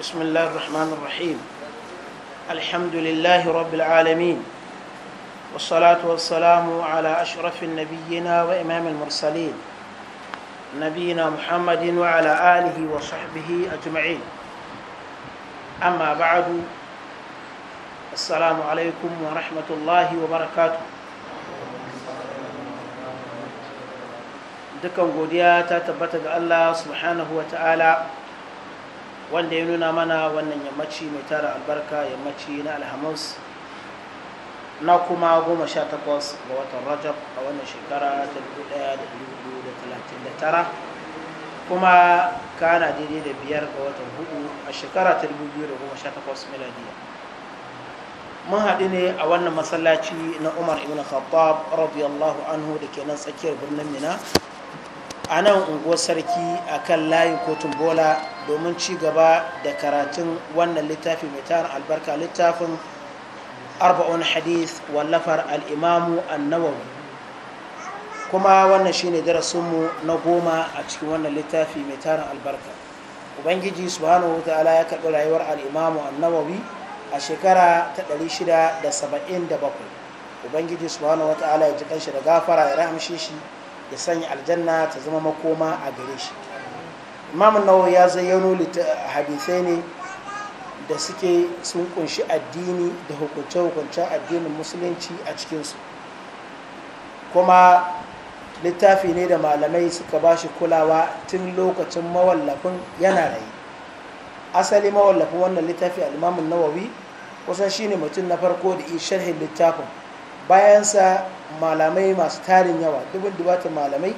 بسم الله الرحمن الرحيم الحمد لله رب العالمين والصلاة والسلام على أشرف النبينا وإمام المرسلين نبينا محمد وعلى آله وصحبه أجمعين أما بعد السلام عليكم ورحمة الله وبركاته dukan godiya ta tabbata ga Allah subhanahu wa ta'ala wanda ya nuna mana wannan yammaci mai tara albarka yammaci na alhamis na kuma goma sha takwas ga watan rajab a wannan shekara ta dubu ɗaya da dubu da talatin da tara kuma kana daidai da biyar ga watan hudu a shekara ta dubu biyu da goma sha takwas miladiya mun haɗu ne a wannan masallaci na umar ibn khattab radiyallahu anhu da ke nan tsakiyar birnin mina a nan unguwar sarki a kan layin kotun bola domin ci gaba da karatun wannan littafi mai tara albarka littafin arba'un hadith wallafar al'imamu annawawi kuma wannan shine darasinmu na goma a cikin wannan littafi mai tara albarka ubangiji subhanahu ta'ala ya karɓi rayuwar al'imamu annawawi a shekara ta 677 ubangiji subhanahu ta'ala ya ji kanshi da gafara ya rahamshe shi ya sanya aljanna ta zama makoma a gare shi imam nawawi ya zayyano hadisai ne da suke sun kunshi addini da hukunce-hukuncen addinin musulunci a cikinsu kuma littafi ne da malamai suka ba shi kulawa tun lokacin mawallafin yana rayu asali mawallafin wannan littafi limamin nawawi kusan shine mutum na farko da isharhin littafin bayansa malamai masu tarin yawa dubin dubatan malamai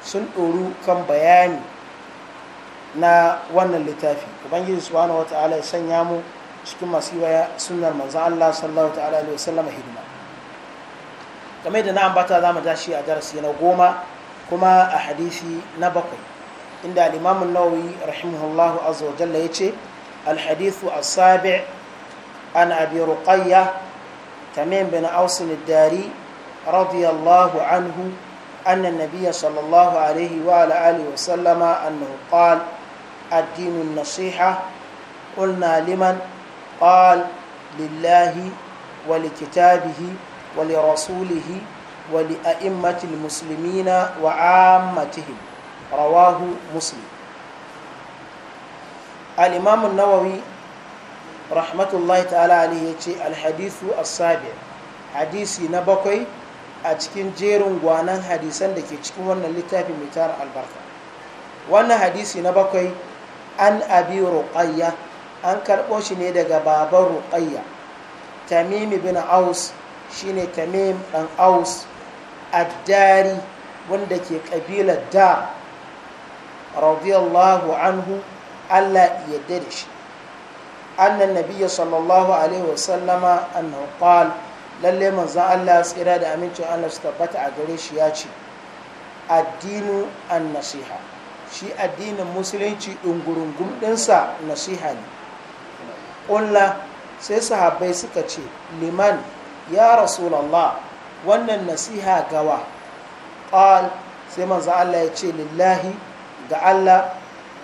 sun ɗoru kan bayani na wannan littafi ubangiji subhanahu ta'ala ya sanya mu cikin masu yi waya sunnar manzan Allah sallallahu ta'ala alaihi sallama hidima game da na ambata za mu tashi a darasi na goma kuma a hadisi na bakwai inda limamin imam nawawi rahimahullahu azza wa jalla yace الحديث an عن أبي رقية تميم بن أوس الداري رضي الله عنه أن النبي صلى الله عليه وعلى آله وسلم أنه قال الدين النصيحة قلنا لمن قال لله ولكتابه ولرسوله ولأئمة المسلمين وعامتهم رواه مسلم الإمام النووي رحمة الله تعالى عليه الحديث السابع حديث نبقي a cikin jerin gwanan hadisan da ke cikin wannan littafi mai tara albarka wannan hadisi na bakwai an abi ruqayya an karɓo shi ne daga baban ruqayya tamim bin aus shine tamim dan aus addari wanda ke kabilar da radiyallahu anhu Allah ya da shi annan nabiyya sallallahu alaihi wasallama annahu qala lalle manzan Allah tsira da amincin Allah su tabbata a gare shi ya ce addinu an nasiha shi addinin musulunci ɗungurungun ɗinsa nasiha ne ƙulla sai sahabbai suka ce liman ya rasu rasulallah wannan nasiha gawa ƙal sai manzan Allah ya ce lillahi ga Allah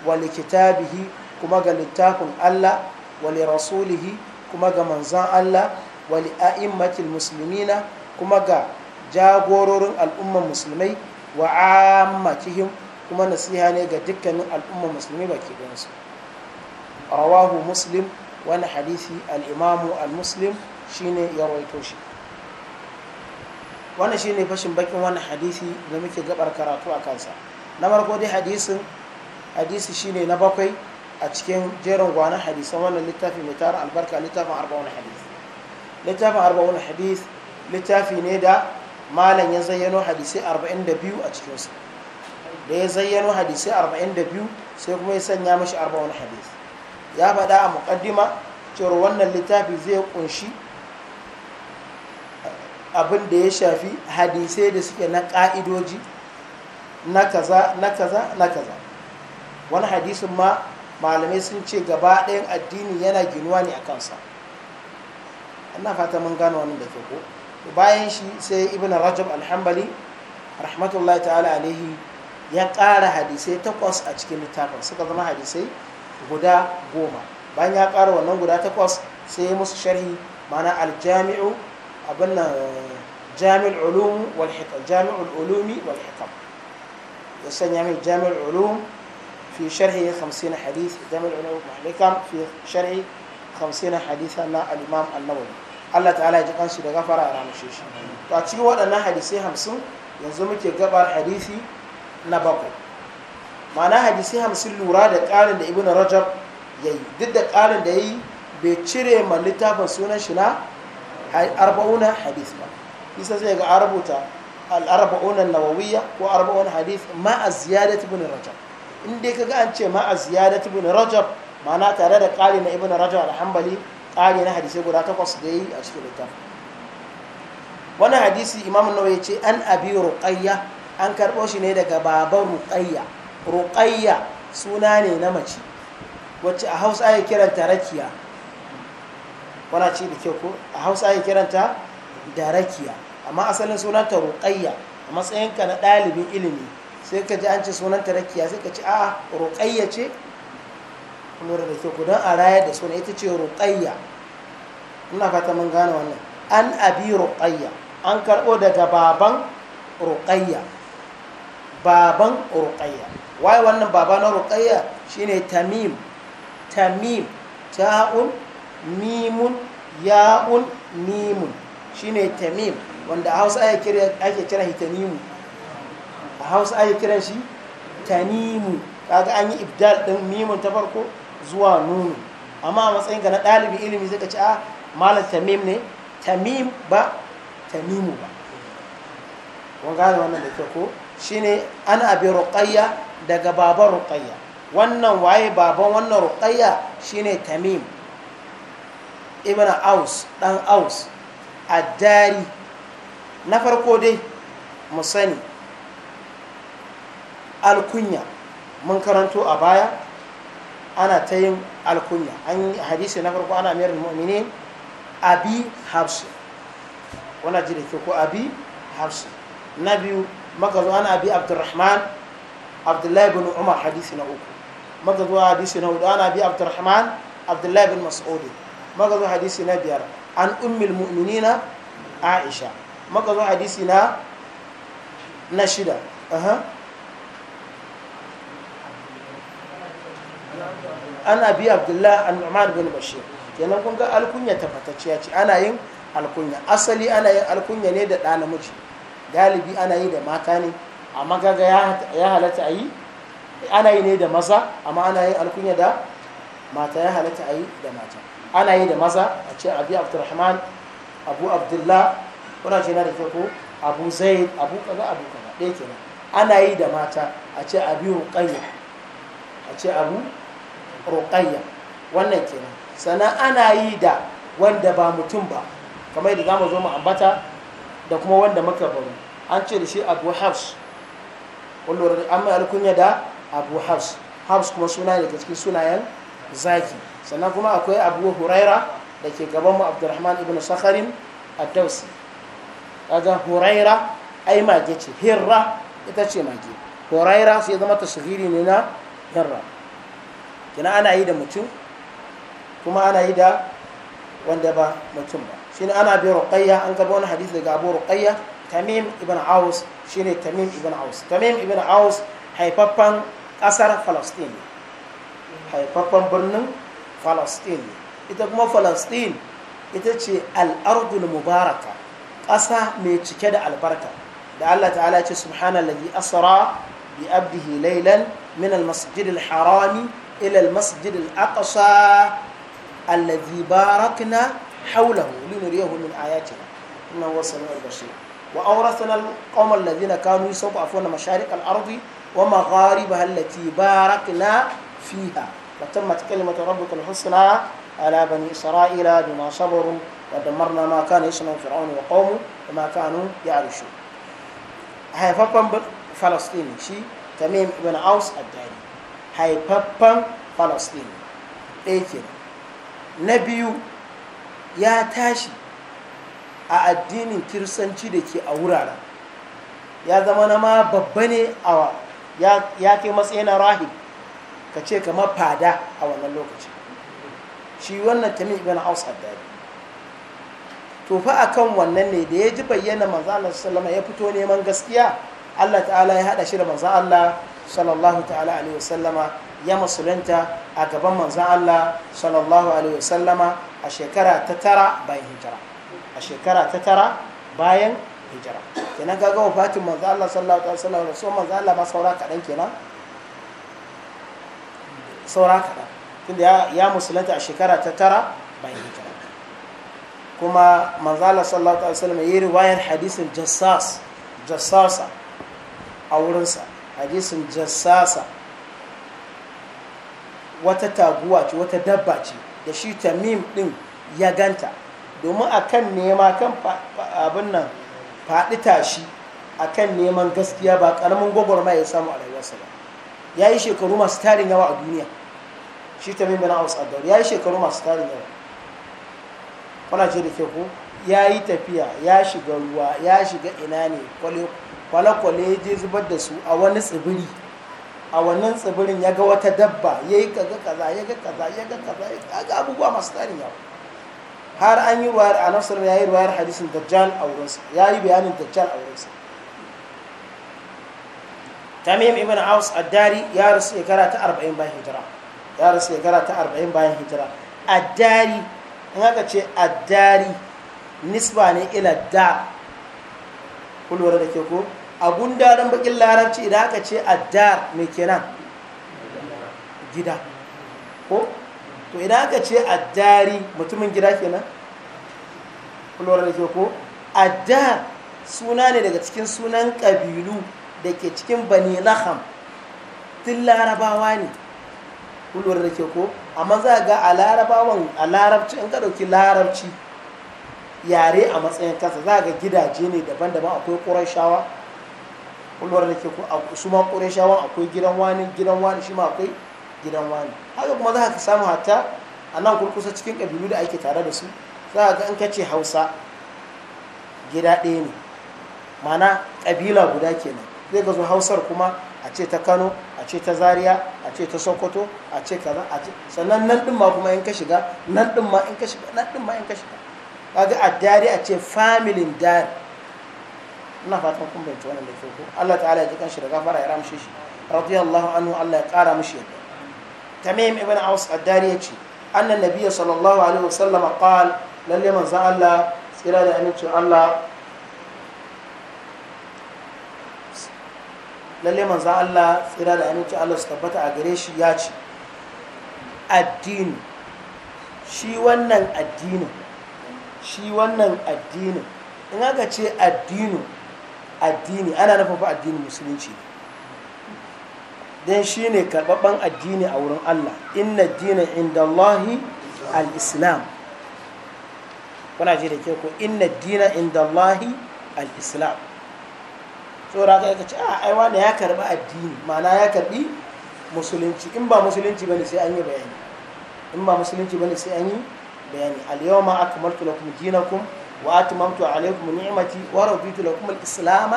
wali kitabihi kuma ga littafin Allah wali rasulihi kuma ga manzan Allah wali a'immatil muslimina kuma ga jagororin al'umman musulmai wa ammatihim kuma nasiha ne ga dukkanin al'umman musulmi baki ɗayansu rawahu muslim wani hadisi al'imamu al-muslim shine ya rawaito shi wannan shine fashin bakin wani hadisi da muke gabar karatu a kansa na farko dai hadisin hadisi shine na bakwai a cikin jerin gwanan hadisan wannan littafi mai tara albarka littafin arba'un hadisi littafin arba'un hadis littafi ne da malam ya zayyano hadisai 42 a cikinsa da ya zayyano hadisai 42 sai kuma ya sanya mashi arba'un hadis ya faɗa a muƙaddima cewar wannan littafi zai kunshi abin da ya shafi hadisai da suke na ƙa'idoji na kaza na kaza wani hadisin ma malamai sun ce gaba ɗayan addini yana ginuwa ne a kansa ina fata mun gano wannan da ke ko bayan shi sai ibn rajab alhambali rahmatullahi ta'ala alaihi ya ƙara hadisai takwas a cikin littafin suka zama hadisai guda goma bayan ya ƙara wannan guda takwas sai ya musu sharhi mana aljami'u abin nan jami'ul ulum wal hikam jami'ul ulumi wal hikam ya sanya mai jami'ul ulum fi sharhi 50 hadith jami'ul ulum wal hikam fi sharhi 50 hadith na al-imam an-nawawi Allah ta'ala ya ji kanshi da gafara a ramushe shi to a cikin waɗannan hadisai hamsin yanzu muke gabar hadisi na bakwai ma'ana hadisai hamsin lura da ƙarin da ibn rajab ya yi duk da ƙarin da ya yi bai cire ma littafin sunan shi na arba'una hadis ba isa sai ga rubuta al-arba'una nawawiyya ko arba'una hadis ma a ziyadat ibn rajab in dai kaga an ce ma a ziyadat ibn rajab ma'ana tare da ƙari na ibn rajab al-hanbali ƙari na hadisai guda takwas da yi a cikin littafin wani hadisi imam nawa ya ce an abi ruqayya an karɓo shi ne daga baban ruqayya ruqayya suna ne na mace wacce a hausa ya kiranta rakiya wana ce da kyau ko a hausa ya kiranta da rakiya amma asalin sunanta ruqayya a matsayinka na ɗalibin ilimi sai ka ji an ce sunanta rakiya sai ka ci a ruqayya ce lura da kyau don a rayar da suna ita ce ruqayya ina fata mun gane wannan an abi ruƙayya an karɓo daga baban ruƙayya baban rukayya waye wannan baba na ruqayya shine tamim tamim ta'un mimun ya'un mimun shine tamim wanda a hausa ake kira ake kira a hausa ake kiran shi tanimu kaga an yi ibdal din mimun ta farko zuwa nunu amma a matsayin ka na ɗalibi ilimi zai ta ci a malam tamim ne tamim ba tamimu ba Wani gane wannan da ke ko shi ne ana abin ruqayya daga baban ruqayya wannan waye baban wannan shi ne tamim ibn aus ɗan aus a dari na farko dai mu sani alkunya mun karanto a baya ana ta yin alkunya an hadisi na farko ana mayar mu'minin abi hafsu wannan ji da ke ko abi hafsu na biyu magazo ana abi abdurrahman abdullahi bin umar hadisi na uku magazo hadisi na hudu ana abi abdurrahman abdullahi bin mas'udi magazo hadisi na biyar an ummil mu'minina aisha magazo hadisi na na shida ana bi abdullahi al umar bin bashir kenan kun ga alkunya tafatacciya ce ana yin alkunya asali ana yin alkunya ne da ɗa muci galibi ana yi da mata ne amma magaga ya halatta a yi ana yi ne da maza amma ana yin alkunya da mata ya halatta a yi da mata ana yi da maza a ce abi abdurrahman abu abdullahi kuna ce na da ko abu zaid abu kaza abu kaza ɗaya kenan ana yi da mata a ce abi a ce abu ruqayya wannan kenan sannan ana yi da wanda ba mutum ba kamar yadda zamu zo mu ambata da kuma wanda muka baro an ce da shi Abu Hafs an alkunya da Abu Hafs Hafs kuma suna ne daga cikin sunayen zaki sannan kuma akwai Abu Huraira da ke gaban mu Abdurrahman ibn Sakharin a dawsi kaga Huraira ai mage ce Hirra ita ce mage Huraira sai zama tasghiri ne na Hirra kina ana yi da mutum kuma ana yi da wanda ba mutum ba shine ana bi ruqayya an karba wani hadisi daga abu ruqayya tamim ibn aus shine tamim ibn aus tamim ibn aus haifaffen kasar palestine haifaffen birnin palestine. ita kuma palestine ita ce al'ardul mubaraka ƙasa mai cike da albarka da Allah ta'ala ce yi asra bi abdihi laylan min al-masjidil harami إلى المسجد الأقصى الذي باركنا حوله لنريه من آياتنا إنه هو السميع البصير وأورثنا القوم الذين كانوا يستضعفون مشارق الأرض ومغاربها التي باركنا فيها وتمت كلمة ربك الحسنى على بني إسرائيل بما صبروا ودمرنا ما كان يصنع فرعون وقومه وما كانوا يعرشون هاي فلسطيني شي تميم بن عوس الداري haifaffen palestine ɗaya na biyu ya tashi a addinin kirsanci da ke a wuraren ya zama na ma babba ne a ya kai matsayi na rahib ka ce kamar fada a wannan lokaci shi wannan tamim ibn aus haddadi to fa a kan wannan ne da ya ji bayyana manzo Allah ya fito neman gaskiya Allah ta'ala ya haɗa shi da manzo Allah sallallahu ta'ala alaihi wasallama ya musulunta a gaban manzan Allah sallallahu alaihi wasallama a shekara ta tara bayan hijira a shekara ta tara bayan hijira kenan kaga wafatin manzo Allah sallallahu alaihi wasallam rasul manzo Allah ba saura kadan kenan saura kadan tunda ya, musulunta a shekara ta tara bayan hijira kuma manzo Allah sallallahu alaihi wasallam yayi riwayar hadisin jassas jassasa a wurinsa hadisin jassasa wata taguwa ce wata dabba ce da shi tamim din ya ganta domin a kan nema kan abin nan faɗi tashi a kan neman gaskiya ba ƙaramin gwagwarmaya ya samu a rayuwarsa ba ya yi shekaru masu tarin yawa a duniya shi ta tamim bana wasu adar ya yi shekaru masu tarin yawa kuna ce da ke ko ya yi tafiya ya shiga ruwa ya shiga ina ne kwale kwale-kwale ya je zubar da su a wani tsibiri a wannan tsibirin ya ga wata dabba ya yi kaza kaza ya ga kaza ya ga kaza ya ga abubuwa masu tarin yawa har an yi ruwayar a nasar ya yi ruwayar hadisin dajjal a wurinsa ya yi bayanin dajjal a wurinsa tamim ibn aus addari ya rasu shekara ta arba'in bayan hijira ya rasu shekara ta arba'in bayan hijira addari in haka ce addari nisba ne ila da kulwar da ke ko a gundarin bakin larabci idan aka ce addar mai kenan gida ko to idan aka ce addari mutumin gida kenan kulorar da ke ko addar suna ne daga cikin sunan kabilu da ke cikin bani laham tun larabawa ne kulorar da ke ko amma za ga a larabawan a larabci in ka larabci yare a matsayin kansa za ga gidaje ne daban-daban akwai ƙurai shawa kullum da ke su ma ƙureshawan akwai gidan wani gidan wani shi ma akwai gidan wani haka kuma za ka samu hatta a nan kurkusa cikin ƙabilu da ake tare da su za ka ga in ka ce hausa gida ɗaya ne mana ƙabila guda kenan zai ga zo hausar kuma a ce ta kano a ce ta zaria a ce ta sokoto a ce kaza a ce sannan nan ɗin ma kuma in ka shiga nan ɗin ma in ka shiga nan ɗin ma in ka shiga kaga a dare a ce familin dare ina fatan kun bai wannan da ke ko Allah ta'ala ya ji kanshi da gafara ya ramshe shi radiyallahu anhu Allah ya kara mishi yadda tamim ibn aus ad-dari ce annan nabiyyu sallallahu alaihi wasallam qal lalle manzo Allah tsira da amincin Allah lalle manzo Allah tsira da aminci Allah su tabbata a gare shi ya ce addin shi wannan addinin shi wannan addinin in aka ce addinin addini ana nufin fa addinin musulunci ne don shi ne karɓaɓɓen addini a wurin Allah inna dina inda Allahi al-islam kuna ji da ke ko inna dina inda Allahi al-islam tsora ka yaka ce a ah, aiwa ne ya karɓi addini ma'ana ya karɓi musulunci in ba musulunci bane sai an yi bayani in ba musulunci bane sai an yi bayani al-yawma akmaltu lakum dinakum wa atmamtu alaykum ni'mati wa raditu lakum al-islam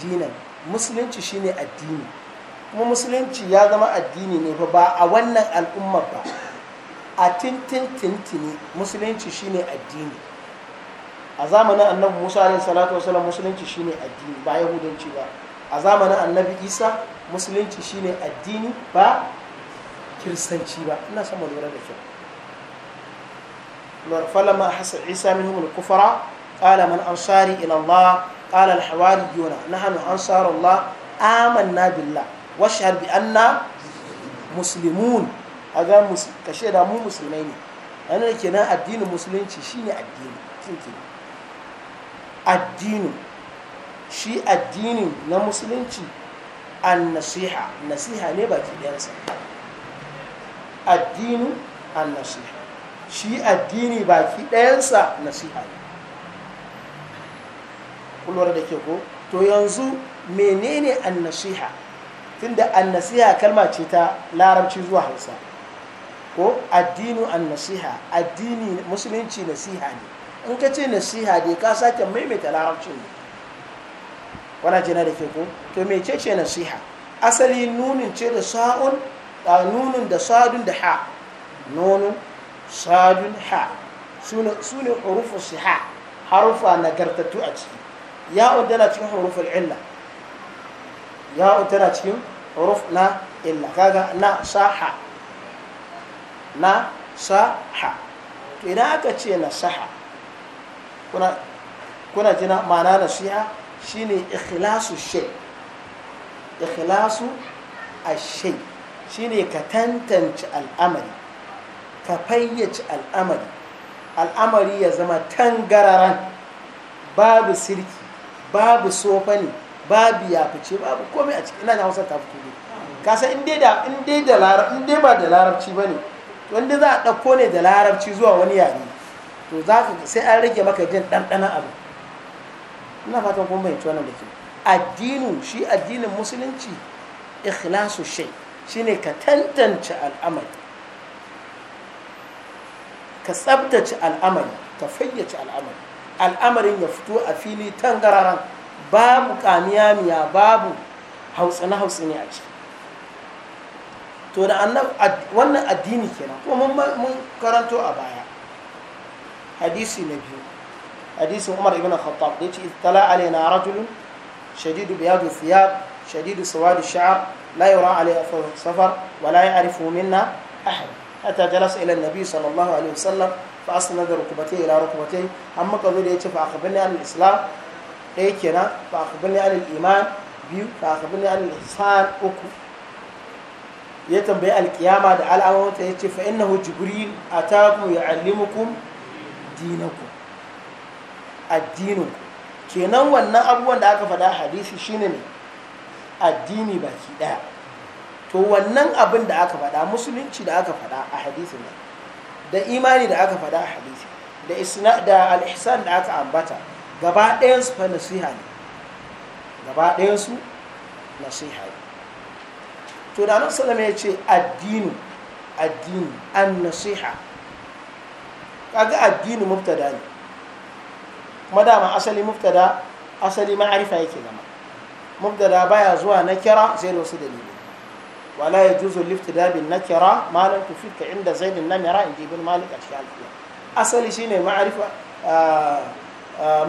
dinan musulunci shine addini kuma musulunci ya zama addini ne fa ba a wannan al'ummar ba a tintin tintini musulunci shine addini a zamanin annabi Musa alaihi salatu wasallam musulunci shine addini ba yahudanci ba a zamanin annabi Isa musulunci shine addini ba kiristanci ba ina son mu lura da kyau فلما أحس عيسى منهم الكفر قال من أنصاري إلى الله قال الحواريون نحن أنصار الله آمنا بالله واشهد بأننا مسلمون هذا مسلم كشيء مو مسلمين أنا كنا الدين المسلمين شيني الدين تنتين الدين شي الدين نا مسلمين النصيحة نصيحة نبا في الدين الدين النصيحة shi addini baki ɗayansa nasiha ne da ke ko to yanzu menene annasiha tunda annasiha kalma ce ta larabci zuwa hausa ko addinu annasiha addini musulunci nasiha ne in ka ce nasiha dai ka sake maimaita larabcin ne wana jina da ke ko to me ce ce nasiha asali nunin ce da sa'un nunin da sadun da ha nunun sadun ha su ne hurufu siha harufa nagartattu a ciki ya tana cikin huruful illa ya tana cikin huruf na illa kaga na saha na saha to idan aka ce na saha kuna kuna jina ma'ana nasiha shine ikhlasu shay ikhlasu ash-shay shine ka tantance al'amari ka fayyace al'amari al'amari ya zama tangararan babu sirki babu sofani babu yafice babu komai a ciki ina da hausa ta fito ne kasa in dai da da larabci ba ne wanda za a ɗauko ne da larabci zuwa wani yare to za ka sai an rage maka jin ɗanɗanan abu ina fatan kuma bayanci wannan da ke addinu shi addinin musulunci ikhlasu shi shine ka tantance al'amari ka tsabtace al'amari ka fayyace al'amari al'amarin ya fito a fili tangararan babu kamiyamiya babu hausa ne a ciki to da wannan addini kenan kuma mun karanto a baya hadisi na biyu hadisin umar ibn khattab da yace tala alaina rajulun shadidu biyadu thiyab shadidu sawadi sha'r la yura alayhi safar wa la ya'rifu minna ahad hatta jalasa ila nabi sallallahu alaihi wasallam fa asnada rukbatayhi ila rukbatayhi amma ka zo da yace fa akhbirni an ɗaya kenan fa akhbirni an iman biyu fa akhbirni an ihsan uku ya tambayi alkiyama da al'amawata ya ce fa innahu jibril ataku ya'allimukum dinakum addininku kenan wannan abubuwan da aka faɗa hadisi shine ne addini baki ɗaya to wannan abin da aka faɗa musulunci da aka faɗa a hadisin nan da imani da aka faɗa a hadithi da isna da al-ihsan da aka ambata gaba ɗayan su fa nasiha ne gaba ɗayan su nasiha ne to da nan sallama ya ce addinu addini an nasiha kaga addini mubtada ne kuma dama asali mubtada asali ma'arifa yake zama mubtada baya zuwa na kira sai da wasu dalilai wala ya juzu lifti dabin na kira malam tufi ka inda zainin na mira in jibin malik a cikin alfiya asali shine ma'arifa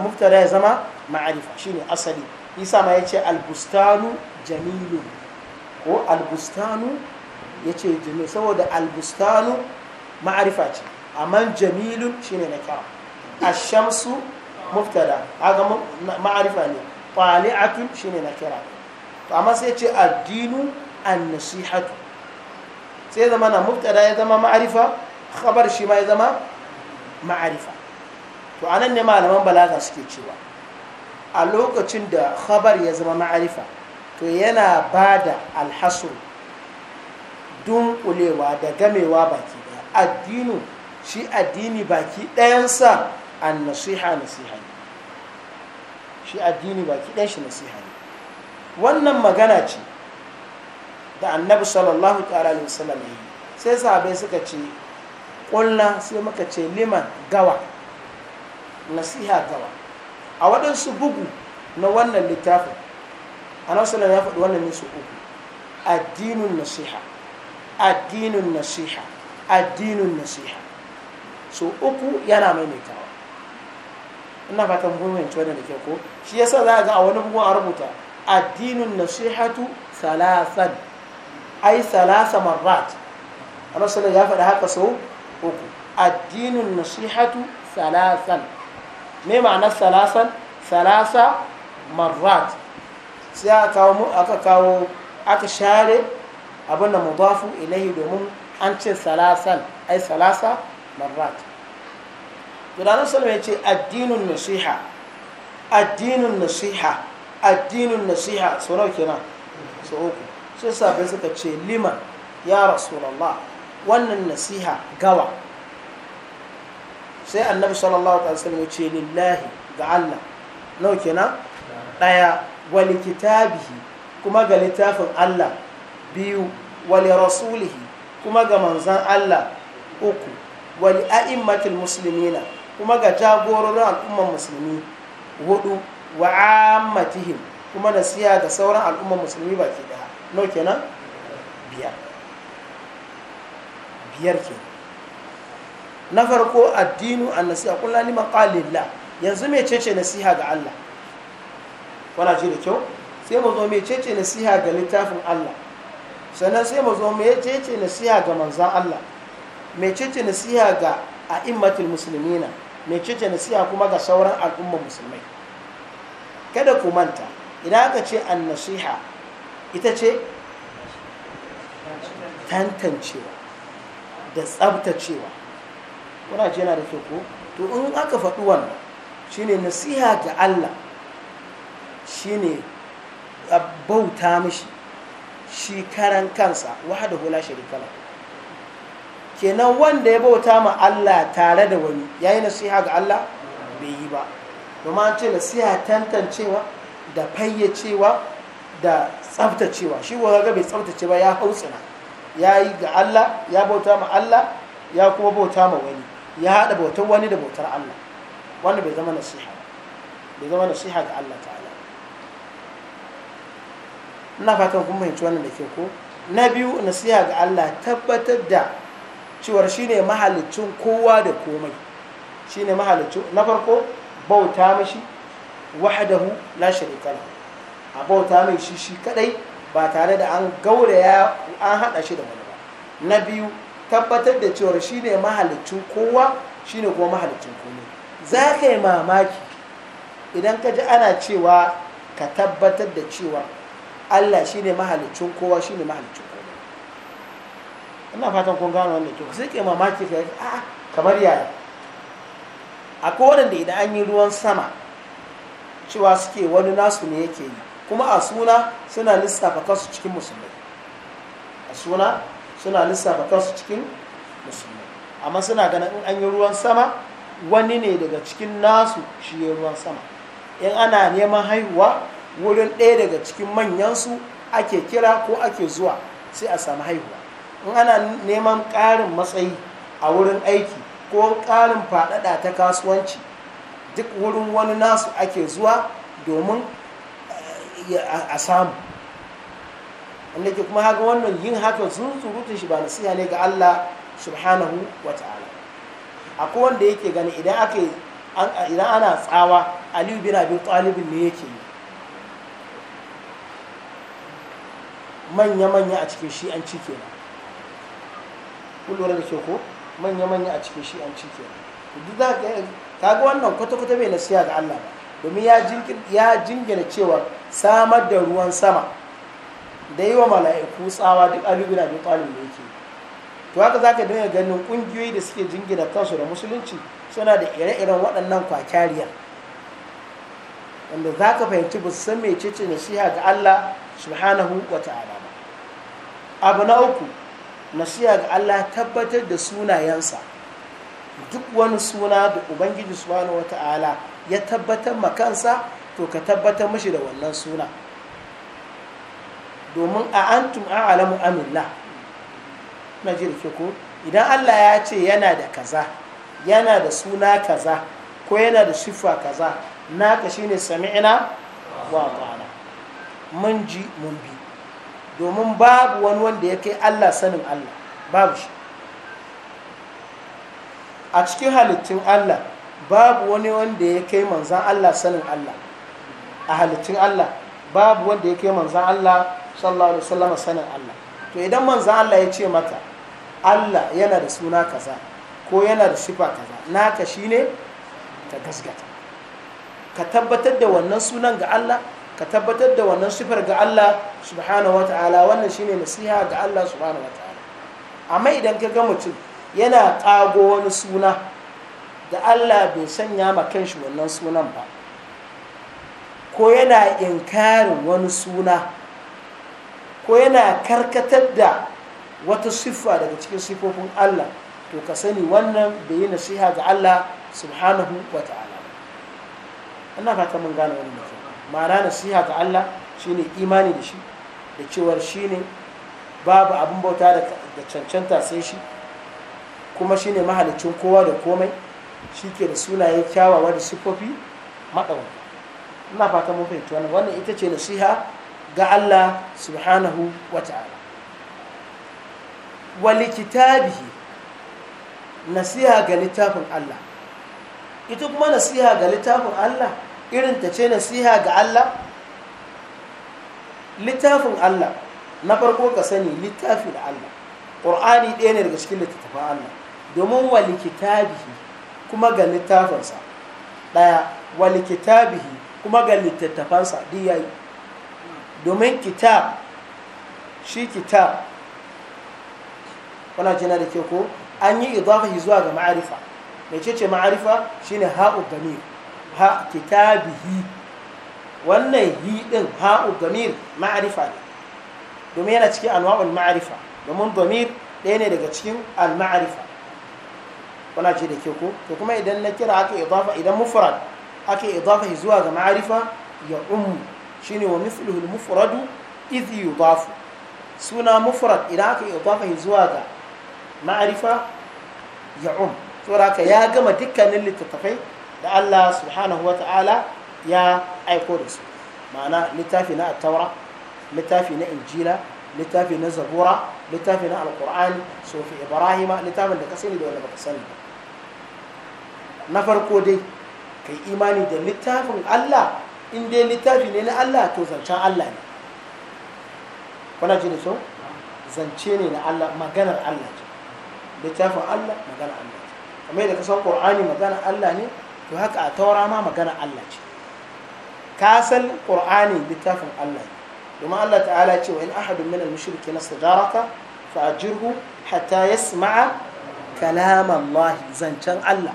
muftada ya zama ma'arifa shine asali isa ma ya ce albustanu jamilu albustanu saboda albustanu ma'arifa ce amma jamilun na ashamsu muftada ma'arifa ne طالعة شنو نكرة فما سيتي الدين an-nasihatu sai zama na mubtada ya zama ma'arifa khabar shi ma ya zama ma'arifa to anan ne malaman balaga suke cewa a lokacin da khabar ya zama ma'arifa to yana da alhasu dunkulewa da gamewa baki daya addinu shi addini baki ɗayansa an nasiha nasiha shi addini baki ɗayan shi nasiha wannan magana ce da annabi sallallahu alaihi wasallam sai sahabai suka ce ƙulla sai muka ce liman gawa nasiha gawa a waɗansu bugu na wannan littafin annabi sallallahu ya faɗi wannan ne su uku addinin nasiha addinin nasiha addinin nasiha so uku yana maimaitawa ina fatan mun fahimci wannan da ke ko shi yasa za a ga a wani bugun a rubuta addinin nasihatu salasan ai salasa marat annabi ya faɗa haka so uku addinun nasihatu salasan me ma'ana salasan salasa marat sai aka kawo aka kawo aka share abin da mudafu ilahi domin an ce salasan ai salasa marat gudanar salama ya ce addinun nasiha addinun nasiha addinun nasiha sau kenan sau uku sai sabai suka ce liman ya rasulallah wannan nasiha gawa sai annabi sallallahu alaihi wasallam ya ce lillahi ga Allah nau kenan ɗaya wali kitabihi kuma ga littafin Allah biyu wali rasulihi kuma ga manzan Allah uku wali aimmatil muslimina kuma ga jagororin al'umman musulmi hudu wa ammatihim kuma nasiha ga sauran al'umman musulmi baki nau kenan biyar biyar ke na farko addinu an nasiha kullum liman qalilla yanzu cece nasiha ga Allah wana ji da kyau sai mu zo cece nasiha ga littafin Allah sannan sai mu zo cece nasiha ga manzan Allah cece nasiha ga a'immatul musulmina cece nasiha kuma ga sauran al'ummar musulmai kada ku manta idan aka ce an nasiha ita ce tantancewa da tsabtacewa wani ce yana da kyau ko to in aka faɗi wannan shine nasiha ga Allah shine bauta mishi shi karan kansa wahada hula shirikala kenan wanda ya bauta ma Allah tare da wani ya yi nasiha ga Allah bai yi ba domin an ce nasiha tantancewa da fayyacewa da tsaftacewa shi wa ga bai tsaftace ba ya hautsina ya yi ga Allah ya bauta ma Allah ya kuma bauta ma wani ya haɗa bautar wani da bautar Allah wanda bai zama nasiha bai zama nasiha ga Allah ta'ala ina fatan kun fahimci wannan da ke ko na biyu nasiha ga Allah tabbatar da cewar shine mahalicin kowa da komai shine mahalicin na farko bauta mashi wahdahu la sharika lahu a bauta mai shi shi kadai ba tare da an gauraya an haɗa shi da wani ba na biyu tabbatar da cewar shi ne mahalicin kowa shi ne kuma mahalicin komai za ka yi mamaki idan ka ji ana cewa ka tabbatar da cewa allah shi ne mahalicin kowa shi ne mahalicin komai ina fatan kun gano wannan kyau sai ke mamaki ka yi kamar yaya akwai wadanda idan an yi ruwan sama cewa suke wani nasu ne yake yi kuma a suna suna lissafa kansu cikin musulmai a suna suna lissafa kansu cikin musulmai amma suna ganin in an yi ruwan sama wani ne daga cikin nasu shi ya ruwan sama in ana neman haihuwa wurin ɗaya daga cikin manyansu ake kira ko ake zuwa sai a sami haihuwa in ana neman ƙarin matsayi a wurin aiki ko ƙarin faɗaɗa ta kasuwanci duk wurin wani nasu ake zuwa domin a samu wanda ke kuma haka wannan yin haka sun surutun shi ba nasiha ne ga Allah subhanahu wa ta'ala akwai wanda yake gani idan aka idan ana tsawa aliyu bin abin talibin ne yake yi manya-manya a cikin shi an cike na kun da ke ko manya-manya a cikin shi an cike na duk za ka ga wannan kwata-kwata bai nasiha ga Allah ba domin ya jingina cewa samar da ruwan sama da yi wa mala'iku tsawa duk alubina na talib da yake to haka za ka dinga ganin ƙungiyoyi da suke jingina kansu da musulunci suna da ire-iren waɗannan kwakyariya. wanda za ka fahimci ba su san mecece nasiha ga Allah subhanahu wa ta'ala ba abu na uku nasiha ga Allah tabbatar da sunayensa duk wani suna da ubangiji subhanahu wa ta'ala ya tabbatar ma kansa to ka tabbatar mashi da wannan suna domin a antum a alamu amillah na ji da ko idan allah ya ce yana da kaza yana da suna kaza ko yana da siffa kaza naka shine sami'ina wa ta'ala mun ji mun bi domin babu wani wanda ya kai allah sanin allah babu shi a cikin halittun allah babu wani wanda ya kai manzan Allah sanin Allah a halittun Allah babu wanda ya kai manzan Allah sallallahu alaihi wasallam sanin Allah to idan manzan Allah ya ce maka Allah yana da suna kaza ko yana da sifa kaza naka shine ka gasgata ka tabbatar da wannan sunan ga Allah ka tabbatar da wannan sifar ga Allah subhanahu ta'ala wannan shine nasiha ga Allah subhanahu ta'ala amma idan ka ga mutum yana ƙago wani suna da Allah bai sanya ma kanshi wannan sunan ba ko yana inkarin wani suna ko yana karkatar da wata siffa daga cikin siffofin Allah to ka sani wannan bai yi nasiha ga Allah subhanahu wa ta'ala ina fata mun gane wani mutum ma'ana nasiha ga Allah shine imani da shi da cewar shine babu abin bauta da cancanta sai shi kuma shine mahalicin kowa da komai shi ke da sunaye kyawawa da siffofi maɗaun. ina fata mun fahimci wannan wannan ita ce nasiha ga Allah subhanahu wa ta'ala wali kitabihi nasiha ga littafin Allah ita kuma nasiha ga littafin Allah irin ta ce nasiha ga Allah littafin Allah na farko ka sani littafin Allah ƙur'ani ɗaya ne daga cikin littattafan Allah domin wali kitabihi kuma ga littafinsa ɗaya wali kitabihi kuma ga littattafansa diyayi domin kitab shi kitab wannan jina da ke ko an yi idafahi zuwa ga ma'arifa mai ce ma'arifa shine ha'u gamir ha kitabihi wannan hi din ha'u gamir ma'arifa ne domin yana cikin anwa'ul ma'arifa domin gamir ɗaya ne daga cikin al-ma'arifa kuna ce da ke ko to kuma idan na kira aka idafa idan mufrad aka idafa zuwa ga ma'arifa ya ummu shine wa mithluhu al-mufradu idh yudafu suna mufrad idan aka idafa zuwa ga ma'arifa ya um saboda haka ya gama dukkanin littattafai da Allah subhanahu wa ta'ala ya aiko da su ma'ana littafi na taura littafi na injila littafi na zabura littafi na alkur'ani sofi ibrahima littafin da ka sani da wanda baka sani na farko dai kai imani da littafin Allah in dai littafi ne na Allah to zancen Allah ne kuna ji da kyau zance ne na Allah maganar Allah ce littafin Allah maganar Allah ce kamar yadda ka san Qur'ani maganar Allah ne to haka a taura ma maganar Allah ce ka san Qur'ani littafin Allah ne domin Allah ta'ala ce wa in ahadun min al-mushriki nastajaraka fa'ajirhu hatta yasma'a kalam Allah zancen Allah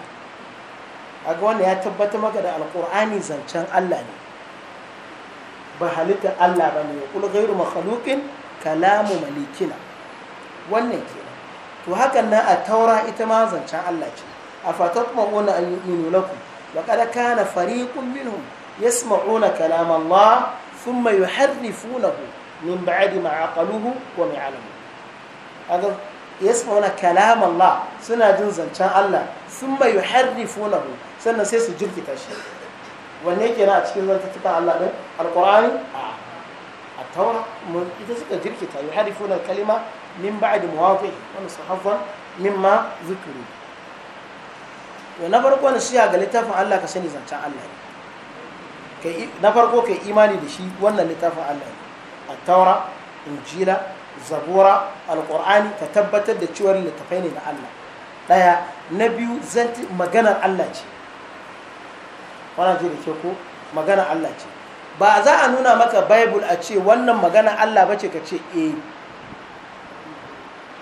kaga wanda ya tabbata maka da alqur'ani zancen Allah ne ba halitta Allah ba ne kul ghairu makhluqin kalamu malikina wannan kenan to hakan nan a taura ita ma zancen Allah ce a fatatma'una an yu'minu lakum laqad kana fariqun minhum yasma'una kalam Allah thumma yuharrifunahu min ba'di ma aqaluhu wa ma ya'lamu kaga ma'una kalaman Allah suna jin zancen Allah Sun thumma yuharrifunahu sannan sai su jirkita shi wanne na a cikin zantattukan Allah din alƙur'ani a taura ita suka jirkita yuharifuna kalima min ba'd mawaqi wa nasuhafan mimma zikru to na farko na siya ga littafin Allah ka sani zancen Allah ne na farko kai imani da shi wannan littafin Allah ne a taura injila zabura alƙur'ani ka tabbatar da cewar littafai ne na Allah ɗaya na biyu maganar Allah ce wani ji da ke ko magana Allah ce ba za a nuna maka bible a ce wannan magana Allah ba ce ka ce eh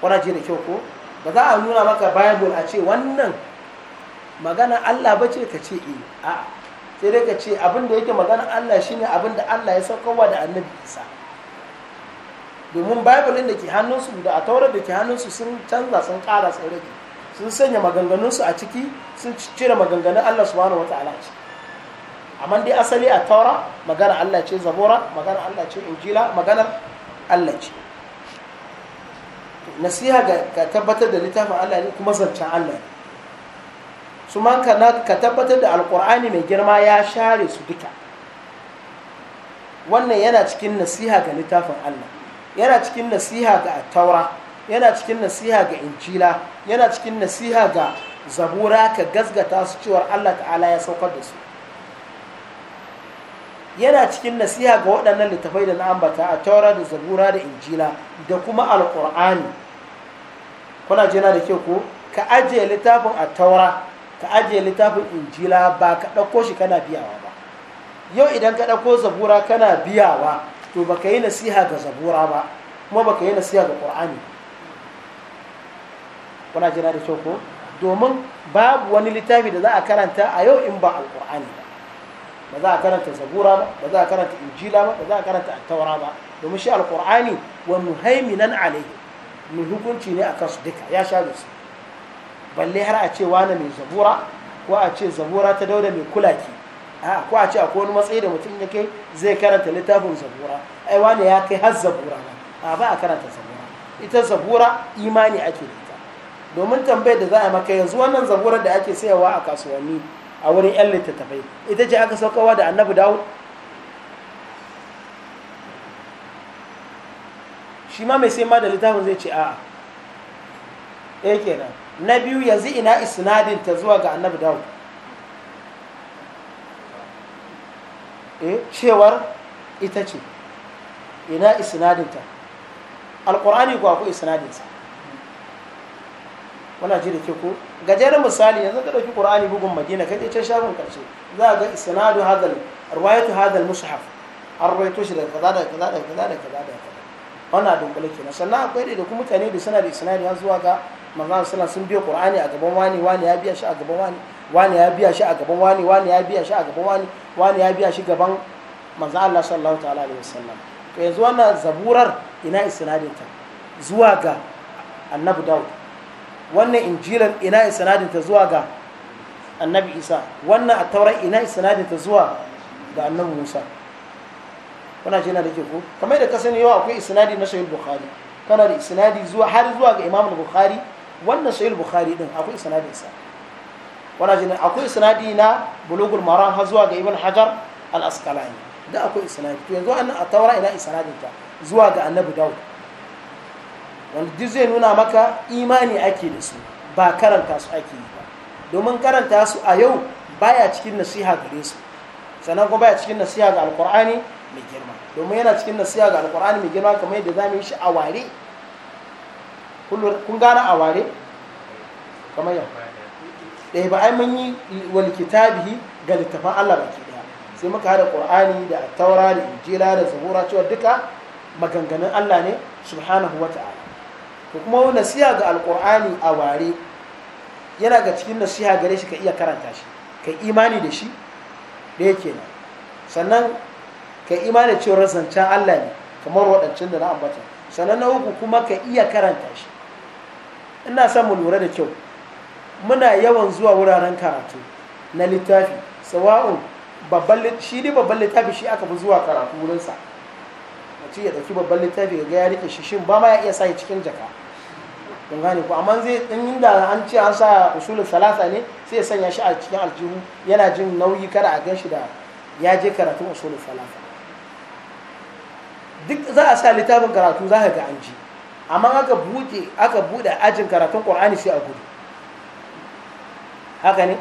wani ji da ke ko ba za a nuna maka bible a ce wannan magana Allah ba ce ka ce e. Eh. a sai dai ka ce abinda yake magana Allah shine ne abinda Allah ya saukarwa da annabi Isa domin bible da ke hannunsu da a taurar da ke hannunsu sun canza sun kara sun rage sun sanya maganganunsu a ciki sun cire maganganun Allah subhanahu wataala a ciki amma dai asali a taura magana Allah ce zabura magana Allah ce injila magana Allah ce nasiha ga tabbatar da littafin Allah ne kuma zancen Allah ne su man ka tabbatar da alkur'ani mai girma ya share su duka wannan yana cikin nasiha ga littafin Allah yana cikin nasiha ga taura yana cikin nasiha ga injila yana cikin nasiha ga zabura ka gasgata su cewar Allah ta'ala ya saukar da su yana cikin nasiha ga waɗannan littafai da na ambata a taura da zabura da injila da kuma alƙur'ani kuna jina da kyau ko ka ajiye littafin a taura ka ajiye littafin injila ba ka ɗauko shi kana biyawa ba yau idan ka ɗauko zabura kana biyawa to ba ka yi nasiha ga zabura ba kuma ba ka yi nasiha ga ƙur'ani kuna jina da kyau ko domin babu wani littafi da za a karanta a yau in ba alƙur'ani ba ba za a karanta zabura ba ba za a karanta injila ba ba za a karanta attaura ba domin shi alkur'ani wa muhaiminan alaihi mu hukunci ne akan su duka ya sha su balle har a ce wani mai zabura ko a ce zabura ta dauda mai kulaki a ko a ce akwai wani matsayi da mutum ya kai zai karanta littafin zabura ai wani ya kai har zabura ba a ba a karanta zabura ita zabura imani ake da ita domin tambayar da za a maka yanzu wannan zabura da ake sayawa a kasuwanni a wurin 'yan littattafai ita ce aka saukawa da annabi dawud shi ma mai sai ma da littafin zai ce a'a ke eh, kenan na biyu yanzu ina isnadin ta zuwa ga annabi dawud e cewar ita ce ina isnadin ta alkur'ani ko akwai isnadin sa wana ji da ke ko gajeren misali yanzu ka ɗauki ƙur'ani bugun madina kai can shafin ƙarshe za ga isnadu hadal ruwayatu hadal mushaf an ruwaito shi daga kaza daga kaza daga kaza daga kaza daga kaza wannan dunkule kenan sannan akwai da kuma mutane da suna da isnadi har zuwa ga manzon sallallahu sun biya qur'ani a gaban wani wani ya biya shi a gaban wani wani ya biya shi a gaban wani wani ya biya shi a gaban wani wani ya biya shi gaban manzon Allah sallallahu ta'ala alaihi wasallam to yanzu wannan zaburar ina isnadin ta zuwa ga annabi Dawud wannan injilan ina sanadin ta zuwa ga annabi isa wannan attauran ina sanadin ta zuwa ga annabi musa kuna ce na da ke ko kamar da ka yau akwai isnadi na Shayil bukhari kana da isnadi zuwa har zuwa ga imam bukhari wannan sahih bukhari din akwai isnadin isa wana jin akwai isnadi na bulugul maram har zuwa ga ibn hajar al asqalani da akwai isnadi to yanzu annan a taura ina isanadinta zuwa ga annabi dawud wanda duk zai nuna maka imani ake da su ba karanta su ake yi ba domin karanta su a yau baya cikin nasiha gare su sannan kuma baya cikin nasiha ga alkur'ani mai girma domin yana cikin nasiha ga alkur'ani mai girma kamar yadda zamu yi shi a ware kun gane a ware kamar yau da eh, ba ai mun yi wal kitabihi ga littafin Allah baki daya sai muka hada qur'ani da taurari da injila da zabura cewa duka maganganun Allah ne subhanahu wa ta'ala ko kuma nasiha ga alkur'ani a ware yana ga cikin nasiha gare shi ka iya karanta shi ka imani da shi da yake nan sannan ka imani cewar zancen Allah ne kamar waɗancan da na ambata sannan na uku kuma ka iya karanta shi ina son mu lura da kyau muna yawan zuwa wuraren karatu na littafi sawa'un babban shi ne babban littafi shi aka fi zuwa karatu wurinsa mutum ya ɗauki babban littafi ga ya rike shi shin ba ma ya iya sa cikin jaka kun gane ko amma zai in inda an ce an sa usulul salasa ne sai ya sanya shi a cikin aljihu yana jin nauyi kada a ganshi da ya je karatu usulul salasa duk za a sa littafin karatu za ka ga an ji amma aka buɗe aka buɗe ajin karatun qur'ani sai a gudu haka ne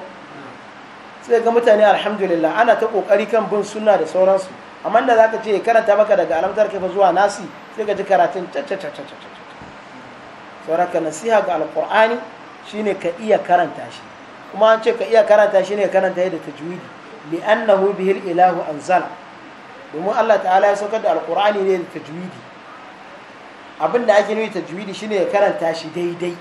sai ga mutane alhamdulillah ana ta kokari kan bin sunna da sauransu amma da zaka ce karanta maka daga alamtar kafa zuwa nasi sai ka ji karatun ta. sauraka nasiha ga alkur'ani shine ka iya karanta shi kuma an ce ka iya karanta shi ne karanta yadda tajwidi li annahu bihil ilahu anzala domin Allah ta'ala ya saukar da alkur'ani ne da tajwidi abinda ake nufi tajwidi shine ya karanta shi daidai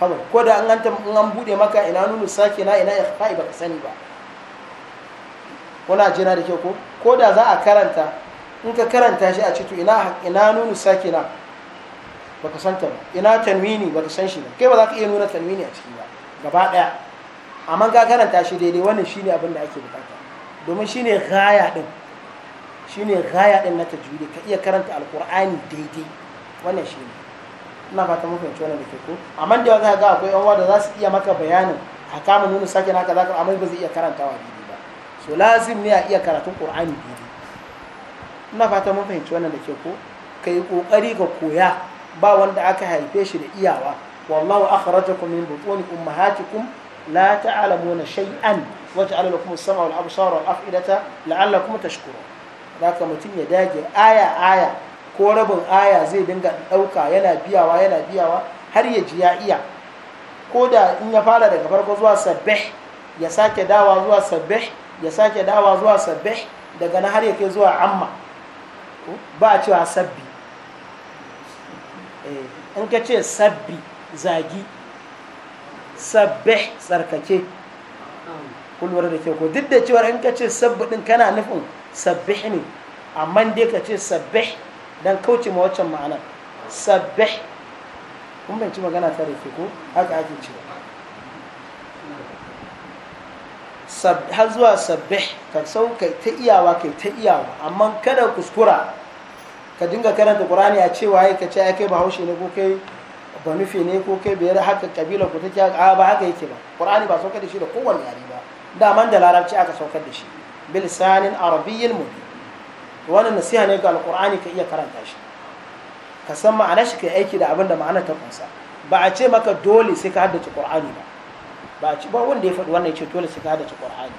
kawai ko da an an bude maka ina nunu sake na ina ba ka sani ba kuna jina da kyau ko ko da za a karanta in ka karanta shi a ciki ina ina nunu sake na baka san ta ina tanwini baka san shi ba kai ba za ka iya nuna tanwini a ciki ba gaba daya amma ga karanta shi daidai wannan shine abin da ake bukata domin shine ghaya din shine ghaya din na tajwidi ka iya karanta alqur'ani daidai wannan shine ina fata mun fahimci wannan da ke ko amma da za ka ga akwai yan da za su iya maka bayanin hakama nuna sake naka ka amma ba zai iya karantawa daidai ba so lazim ne a iya karatun qur'ani daidai ina fata mun fahimci wannan da ke ko kai kokari ka koya ba wanda aka haife shi da iyawa wallahu akhrajakum min butuni ummahatikum la ta'lamuna shay'an wa ja'ala lakum as samaa wal absara wal af'idata la'allakum tashkurun haka mutum ya dage aya aya ko rabin aya zai dinga dauka yana biyawa yana biyawa har ya ji ya iya ko da in ya fara daga farko zuwa sabbih ya sake dawa zuwa sabbih ya sake dawa zuwa sabbih daga na har ya kai zuwa amma ba a cewa sabbi Eh, in ka ce sabbi zagi sabbe tsarkake kulwar da ke ko duk da cewar in ka ce sabbi din kana nufin sabbi ne amma dai ka ce sabbi don kauce ma waccan ma'ana sabbi kun ci magana ta ke ko haka ake cewa har zuwa sabbi ka sau kai ta iyawa kai ta iyawa amma kada kuskura ka dinga karanta qur'ani a cewa ai ka ce ai kai bahaushe ne ko kai ba nufi ne ko kai biyar haka kabila ku take a ba haka yake ba qur'ani ba saukar da shi da kowanne yare ba da man da larabci aka saukar da shi bil sanin arabiyyin mu wannan nasiha ne ga alqur'ani ka iya karanta shi ka san ma'anar shi ka aiki da abin da ma'anar ta kunsa ba a ce maka dole sai ka haddace qur'ani ba ba a ce ba wanda ya faɗi wannan ya ce dole sai ka haddace qur'ani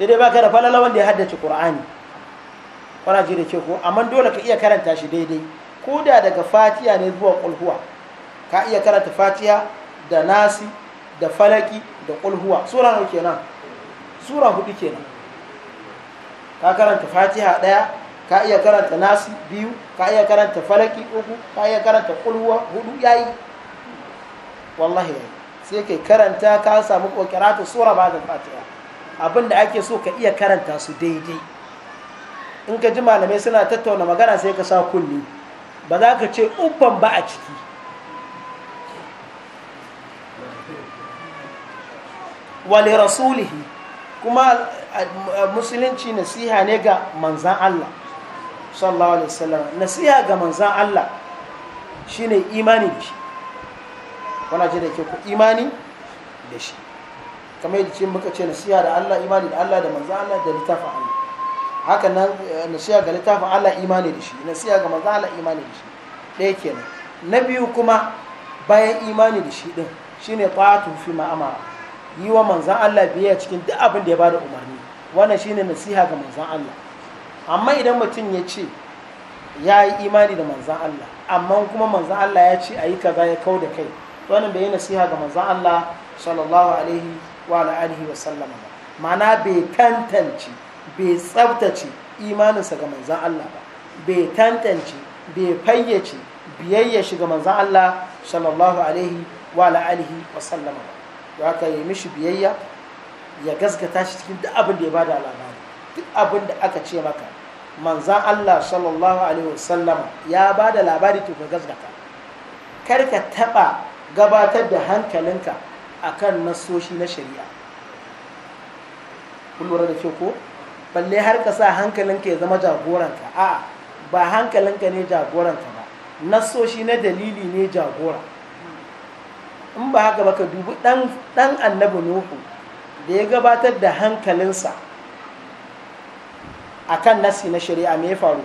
sai dai baka da falala wanda ya haddace qur'ani wana ji da ke ko amma dole ka iya karanta shi daidai ko da daga fatiya ne zuwa kulhuwa ka iya karanta fatiya da nasi da falaki da kulhuwa sura nawa kenan sura hudu kenan ka karanta fatiha daya ka iya karanta nasi biyu ka iya karanta falaki uku ka iya karanta kulhuwa hudu yayi wallahi yayi sai kai karanta ka samu kokiratu sura ba da fatiha abinda ake so ka iya karanta su daidai in ka ji malamai suna tattauna magana sai ka sa kulli ba za ka ce uban ba a ciki Wale rasulihi kuma musulunci nasiha ne ga manzan Allah sallallahu alaihi wasallam nasiha ga manzan Allah shine imani da shi wana ce da ke ku imani da shi kamar yadda ce muka ce nasiha da Allah imani da Allah da manzan Allah da littafin Allah haka nan eh, nasiha ga littafin Allah imani da shi siya ga manzo Allah imani da shi ɗaya kenan na biyu kuma bayan imani da shi din shine ta'atu fi ma amara yi wa manzan Allah biya cikin duk abin da ya bada umarni wannan shine nasiha ga manzan Allah amma idan mutum ya ce ya yi imani da manzan Allah amma kuma manzan Allah ya ce a yi kaza ya kau da kai wannan bai yi nasiha ga manzan Allah sallallahu alaihi wa alihi wa ma'ana bai tantance bai tsabtace imaninsa ga manzan Allah ba bai tantance bai fayyace biyayya shi ga manzan Allah sallallahu alaihi wa alihi wa sallama ba haka yi mishi biyayya ya gaskata shi cikin duk abin da ya bada labari duk abin da aka ce maka manzan Allah sallallahu alaihi wa sallama ya bada labari to ka gaskata kar ka taba gabatar da hankalinka akan nasoshi na shari'a kun da ke ko balle har ka sa hankalinka ya zama jagoranka a ba hankalinka ne jagoranka ba nasoshi na dalili ne jagora in ba haka ba ka dubi dan annabi nuhu da ya gabatar da hankalinsa a kan nasi na shari'a me ya faru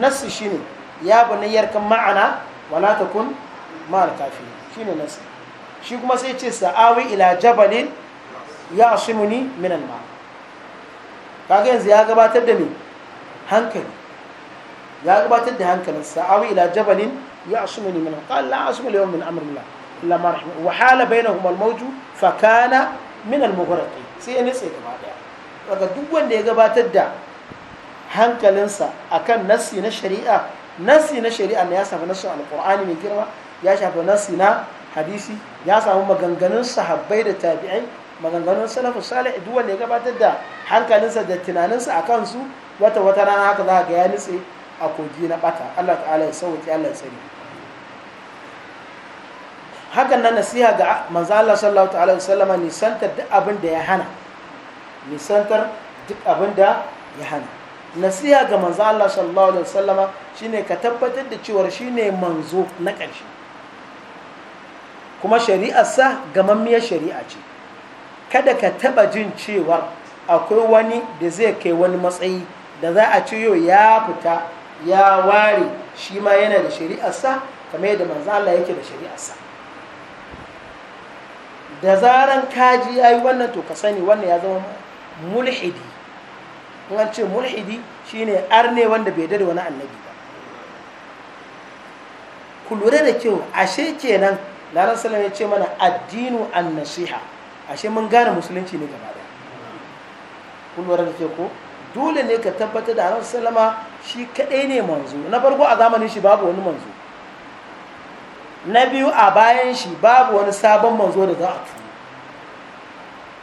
nasi shi ne ya na yarkan ma'ana wala ta kun ma'ar kafin shi ne nasi shi kuma sai ce sa'awi ila jabalin ya asimuni minan ma kaga yanzu ya gabatar da me hankali ya gabatar da hankalin sa'awi ila jabalin ya asimuni minan qala la asmu al yawm min amrillah illa ma rahim wa hala bainahum al mawju fa kana min al mughraqi sai ya gaba daya duk wanda ya gabatar da hankalinsa akan nasi na shari'a nasi na shari'a ne ya shafi nasu alqur'ani mai girma ya shafi nasi na hadisi ya samu maganganun sahabbai da tabi'ai maganganun salafu salih duk wanda ya gabatar da hankalinsa da tunaninsa a kansu wata wata rana haka za ga ya nutse a kogi na bata Allah ta'ala ya sauki Allah ya tsare hakan nan nasiha ga manzo Allah sallallahu ta'ala sallama santar duk abin da ya hana santar duk abin da ya hana nasiha ga manzo Allah sallallahu alaihi wasallama shine ka tabbatar da cewa shine manzo na ƙarshe kuma shari'arsa gamammiyar shari'a ce kada ka taba jin cewar akwai wani da zai kai wani matsayi da za a ce yau ya fita ya ware shi ma yana da shari'arsa kamar yadda Manzala yake da shari'arsa da zaran kaji yi wannan to ka sani wannan ya zama mulhidi in an ce mulhidi shine arne wanda bai da wani annabi ba ku lura da kyau ashe kenan larar salam ya ce mana addinu an nasiha ashe mun gane musulunci ne gaba daya kun da ke ko dole ne ka tabbatar da annabi Salama shi kadai ne manzo na farko a zamanin shi babu wani manzo na biyu a bayan shi babu wani sabon manzo da za a tuni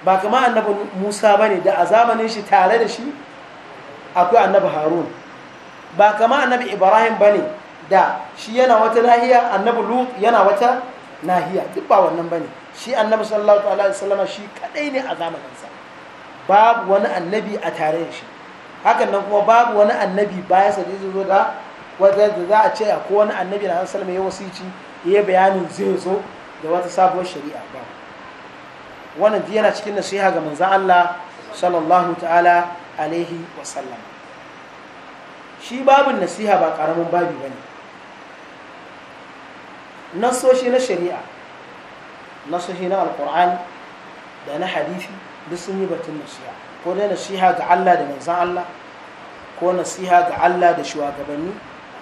ba kama annabi musa ba ne da a zamanin shi tare da shi akwai annabi harun ba kama annabi ibrahim ba ne da shi yana wata lahiya annabi lut yana wata nahiya duk ba wannan bane shi annabi sallallahu alaihi wasallama shi kadai ne a zamaninsa babu wani annabi a tare da shi hakan nan kuma babu wani annabi bayan sa zai zo da wanda za a ce ko wani annabi na sallama ya wasici ya bayanin zai zo da wata sabuwar shari'a ba wannan duk yana cikin nasiha ga manzon Allah sallallahu ta'ala alaihi wasallam shi babin nasiha ba karamin babi bane nasoshi na shari'a nasoshi na alkur'ani da na hadisi duk sun yi batun nasiha ko dai nasiha ga Allah da manzan Allah ko nasiha ga Allah da shugabanni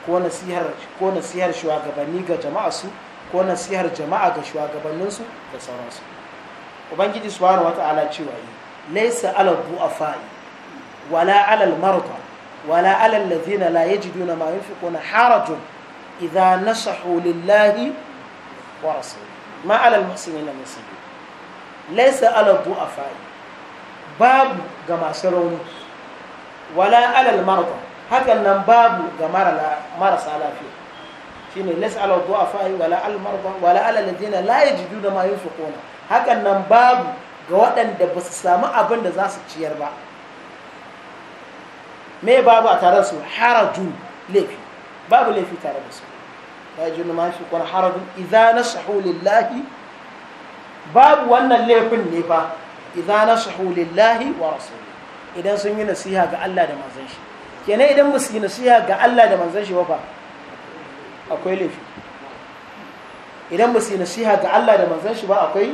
ko nasihar ko nasihar shugabanni ga jama'a su ko nasihar jama'a ga shugabanninsu da sauransu ubangiji subhanahu wata'ala cewa yi laysa ala du'afa'i wala ala al-marda wala ala alladhina la yajiduna ma yunfiquna harajun إذا نصحوا لله ورسوله ما على المحسنين من سبيل ليس على الضعفاء باب كما سرون ولا على المرضى هكذا باب كما مرس على فيه shine laysa ala du'afa wala al wala ala alladhina la yajiduna ma yunfiquna hakan nan babu ga waɗanda ba su samu abin da za su ciyar ba me babu a tare su haraju laifi babu laifi tare da su ya ji ma fi kun harafin idza nasahu lillahi babu wannan laifin ne fa idza nasahu lillahi wa rasuli idan sun yi nasiha ga Allah da manzon shi kenan idan ba su yi nasiha ga Allah da manzon shi ba fa akwai laifi idan ba su yi nasiha ga Allah da manzon shi ba akwai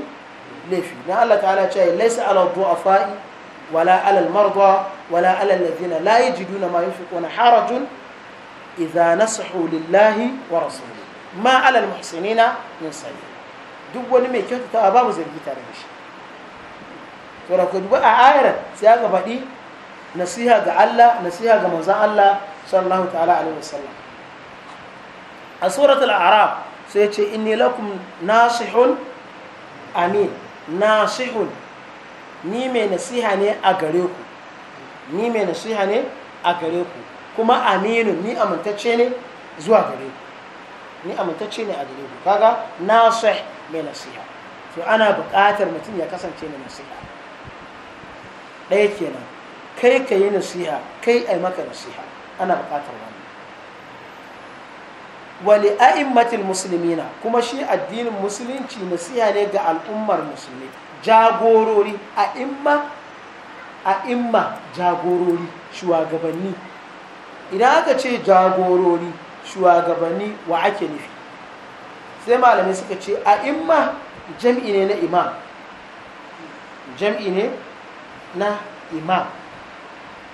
laifi na Allah ta'ala cewa laysa ala du'afa'i wala ala al-marda wala ala alladhina la yajiduna ma yunfiquna harajun idza nasahu lillahi wa rasuli ma ala almuhsinina min duk wani mai ta babu zargi tare da shi to da a ayar sai ga faɗi nasiha ga Allah nasiha ga manzon Allah sallallahu ta'ala alaihi wasallam a suratul a'raf sai ce inni lakum nasihun amin nasihun ni mai nasiha ne a gare ku ni mai nasiha ne a gare ku kuma aminu ni amintacce ne zuwa gare ku ni amintacce ne a gare ku kaga nasih mai nasiha to ana buƙatar mutum ya kasance mai nasiha ɗaya kenan kai ka yi nasiha kai ai maka nasiha ana buƙatar wani wali a'immatil muslimina kuma shi addinin musulunci nasiha ne ga al'ummar musulmi jagorori a'imma a'imma jagorori shugabanni idan aka ce jagorori shugabanni wa ake nufi sai malamai suka ce a imma jam'i ne na imam jam'i ne na imam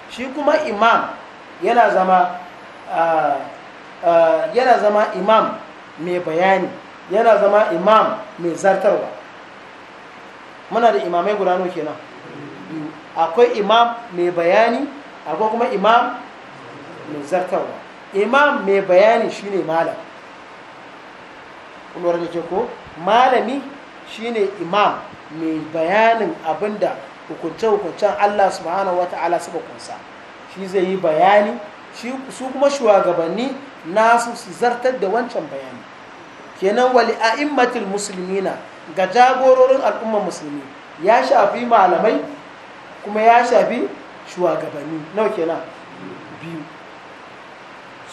shi kuma imam yana zama yana zama imam mai bayani yana zama imam mai zartarwa muna da imamai guda nawa kenan akwai imam mai bayani akwai kuma imam mai imam mai bayani shine malam kuma wani ke ko malami shine imam mai bayanin abinda hukunce-hukuncen Allah subhanahu wa ta'ala saba kunsa shi zai yi bayani su kuma shugabanni nasu su zartar da wancan bayani kenan wali musulmi musulmina ga jagororin al'ummar musulmi ya shafi malamai kuma ya shafi shugabanni nau kenan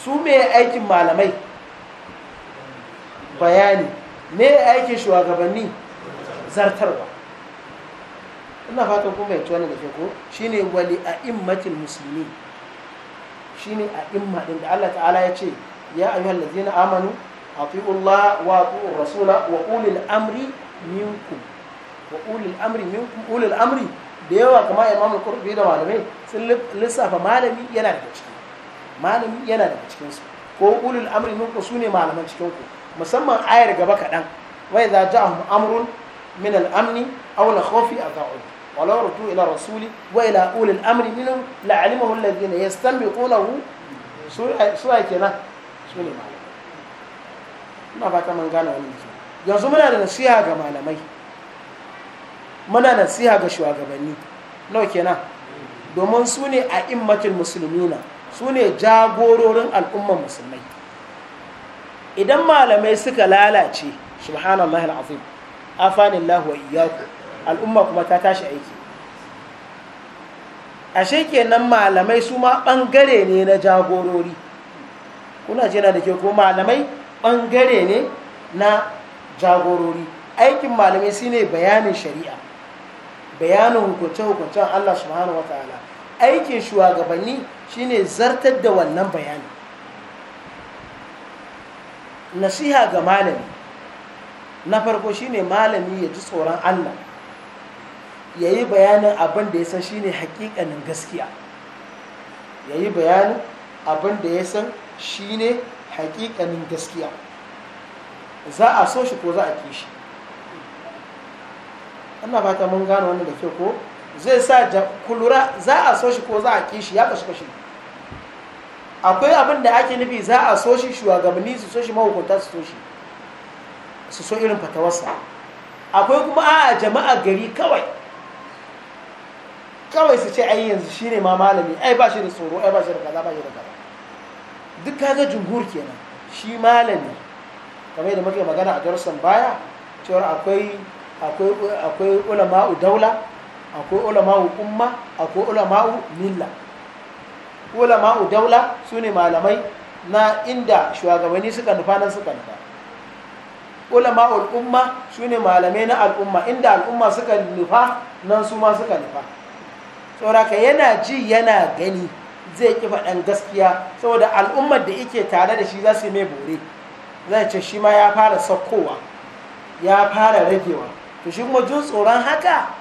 su me aikin malamai bayani me aikin shugabanni zartarwa ina fatan kuma yanci wannan da ke ko shine wali a immatin musulmi shine a imma din da Allah ta'ala ya ce ya ayyuhal ladzina amanu atiullah wa atiur rasula wa ulil amri minkum wa ulil amri minkum ulil amri da yawa kama imam al-qurtubi da malamai sun lissafa malami yana da ciki malami yana daga cikinsu ko ulul amri minku su ne malaman cikinku musamman ayar gaba kaɗan wai za ja'ahum amrun min al-amni aw la khawfi adha'u walau rutu ila rasuli wa ila ulil amri minhum la'alimahu alladhina yastanbiqunahu su ai kenan su ne malamai ina fata mun gane wannan yanzu muna da nasiha ga malamai muna da nasiha ga shugabanni nawa kenan domin su ne a immatul musulmina su ne jagororin al'ummar musulmai idan malamai suka lalace subhanallah al'azim afanillahu wa iyaku al'umma kuma ta tashi aiki ashe kenan malamai su ma ɓangare ne na jagorori kuna jina da ke ko malamai ɓangare ne na jagorori aikin malamai su ne bayanin shari'a bayanin hukunce-hukuncen allah subhanahu wa ta'ala aikin shugabanni shine zartar da wannan bayani nasiha ga malami na farko shine malami ya ji tsoron allah ya yi bayanin abin da ya san shine hakikanin gaskiya ya yi bayanin abin da ya san shine hakikanin gaskiya za a so shi ko za a ke shi ana fata mun gane wannan da ke ko zai sa kulura za a so shi ko za a ke shi ya kashi kashi akwai abin da ake nufi za a so shi shugabanni su so shi mahukunta su so shi su so irin fatawarsa akwai kuma a jama'a gari kawai kawai su ce ai yanzu shi ne ma malami ai ba shi da tsoro ai ba shi da kaza ba shi da kaza duk kaga jumhur kenan shi malami kamar yadda muke magana a darussan baya cewar akwai akwai akwai ulama'u daula akwai ulama'u umma akwai ulama'u milla ulama'u daula su ne malamai na inda shugabanni suka nufa nan suka nufa ulama'ul umma su ne malamai na al'umma inda al'umma suka nufa nan su ma suka nufa tsoraka yana ji yana gani zai ƙi faɗan gaskiya saboda al'ummar da yake tare da shi za su mai bore zai ce shi ma ya fara saukowa ya fara ragewa to shi kuma jin tsoron haka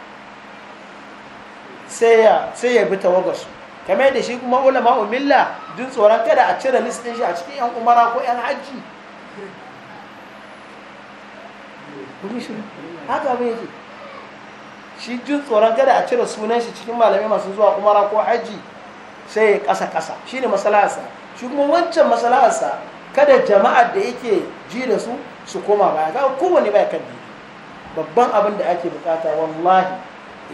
sai ya bi tawagarsu kamar da shi kuma ulama umilla dun tsoron kada a cire listin shi a cikin yan umara ko yan hajji haka abin yake shi duk tsoron kada a cire sunan shi cikin malamai masu zuwa umara ko hajji sai ya kasa kasa ne masalasa, shi kuma wancan masalasa kada jama'ar da yake ji da su su koma baya ga kowane baya kan babban abin da ake bukata wallahi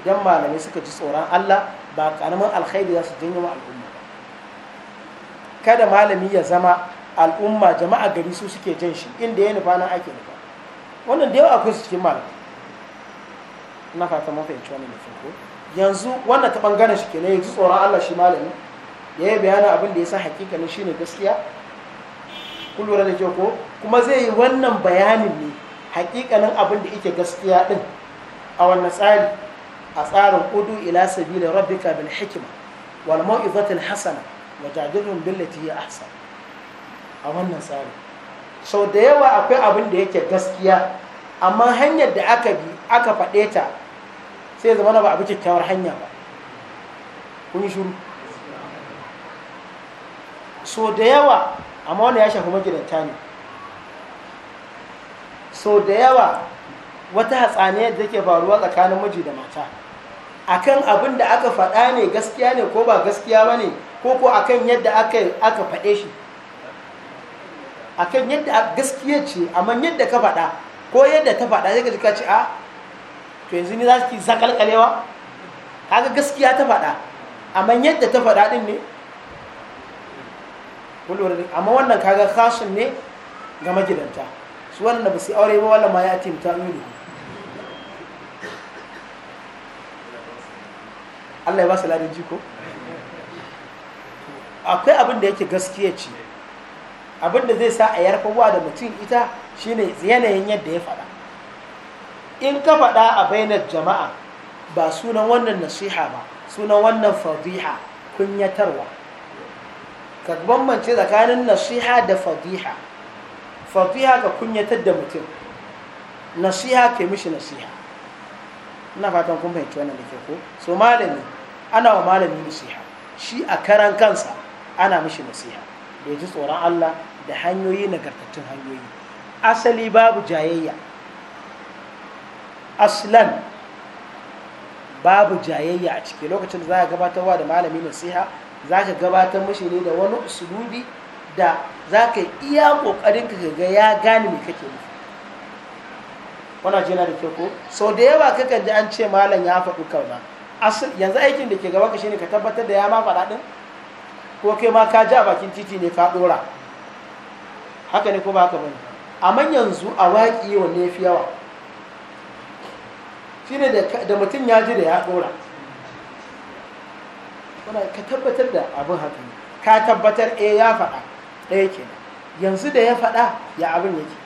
idan malamai suka ji tsoron Allah ba karamin alkhairi za su janyo wa al'umma ba kada malami ya zama al'umma jama'a gari su suke jan shi inda ya nufa nan ake nufa wannan da yawa akwai su cikin malami na fata mun fahimci wani nufin ko yanzu wannan ta bangaren shi kenan yanzu tsoron Allah shi malami da ya bayana abin da ya sa hakikanin shine gaskiya kun lura da kyau ko kuma zai yi wannan bayanin ne hakikanin abin da yake gaskiya din a wannan tsari a tsarin udu ila sabila rabbika bil hikima wal mau'izatil hasana wa jadilhum billati hi ahsan a wannan tsarin sau da yawa akwai abin da yake gaskiya amma hanyar da aka bi aka faɗe ta sai zama ba abu kyakkyawar hanya ba kun shuru so da yawa amma wani ya shafi magidanta ne so da yawa wata hatsaniyar da take faruwa tsakanin miji da mata akan abin da aka faɗa ne gaskiya ne ko ba gaskiya ba ne ko ko akan yadda aka faɗe shi akan yadda gaskiya ce amma yadda ka faɗa ko yadda ta faɗa zai ka ce a to yanzu ni za su ki zakalkalewa haka gaskiya ta faɗa amma yadda ta faɗa din ne amma wannan kaga kashin ne ga magidanta su wannan ba su aure ba wala ma ya timta ne Allah ya ba su ladan ji ko akwai abin da yake gaskiya ce abin da zai sa a yarfawa da mutum ita shine yanayin yadda ya faɗa in ka faɗa a bainar jama'a ba sunan wannan nasiha ba sunan wannan fadiha kunyatarwa ka bambance tsakanin nasiha da fadiha fadiha ka kunyatar da mutum nasiha ke mishi nasiha ina fatan kun fahimci wannan da ke ko so malami ana wa malami nasiha shi a karan kansa ana mishi nasiha da ji tsoron Allah da hanyoyi nagartattun hanyoyi asali babu jayayya aslan babu jayayya a ciki lokacin da za ka gabatarwa da malami nasiha za ka gabatar mishi ne da wani usulubi da za ka iya ƙoƙarin ka ga ya gane me kake nufi wana ce yana da ke ko sau da yawa kakan ji an ce malam ya faɗi kauna yanzu aikin da ke gaba ka shine ka tabbatar da ya ma faɗa ɗin ko kai ma ka ja bakin titi ne ka ɗora haka ne ko ba haka bane amma yanzu a waƙi wanne fi yawa shine da mutum ya ji da ya ɗora Wana ka tabbatar da abin haka ne ka tabbatar eh ya faɗa ɗaya kenan yanzu da ya faɗa ya abin yake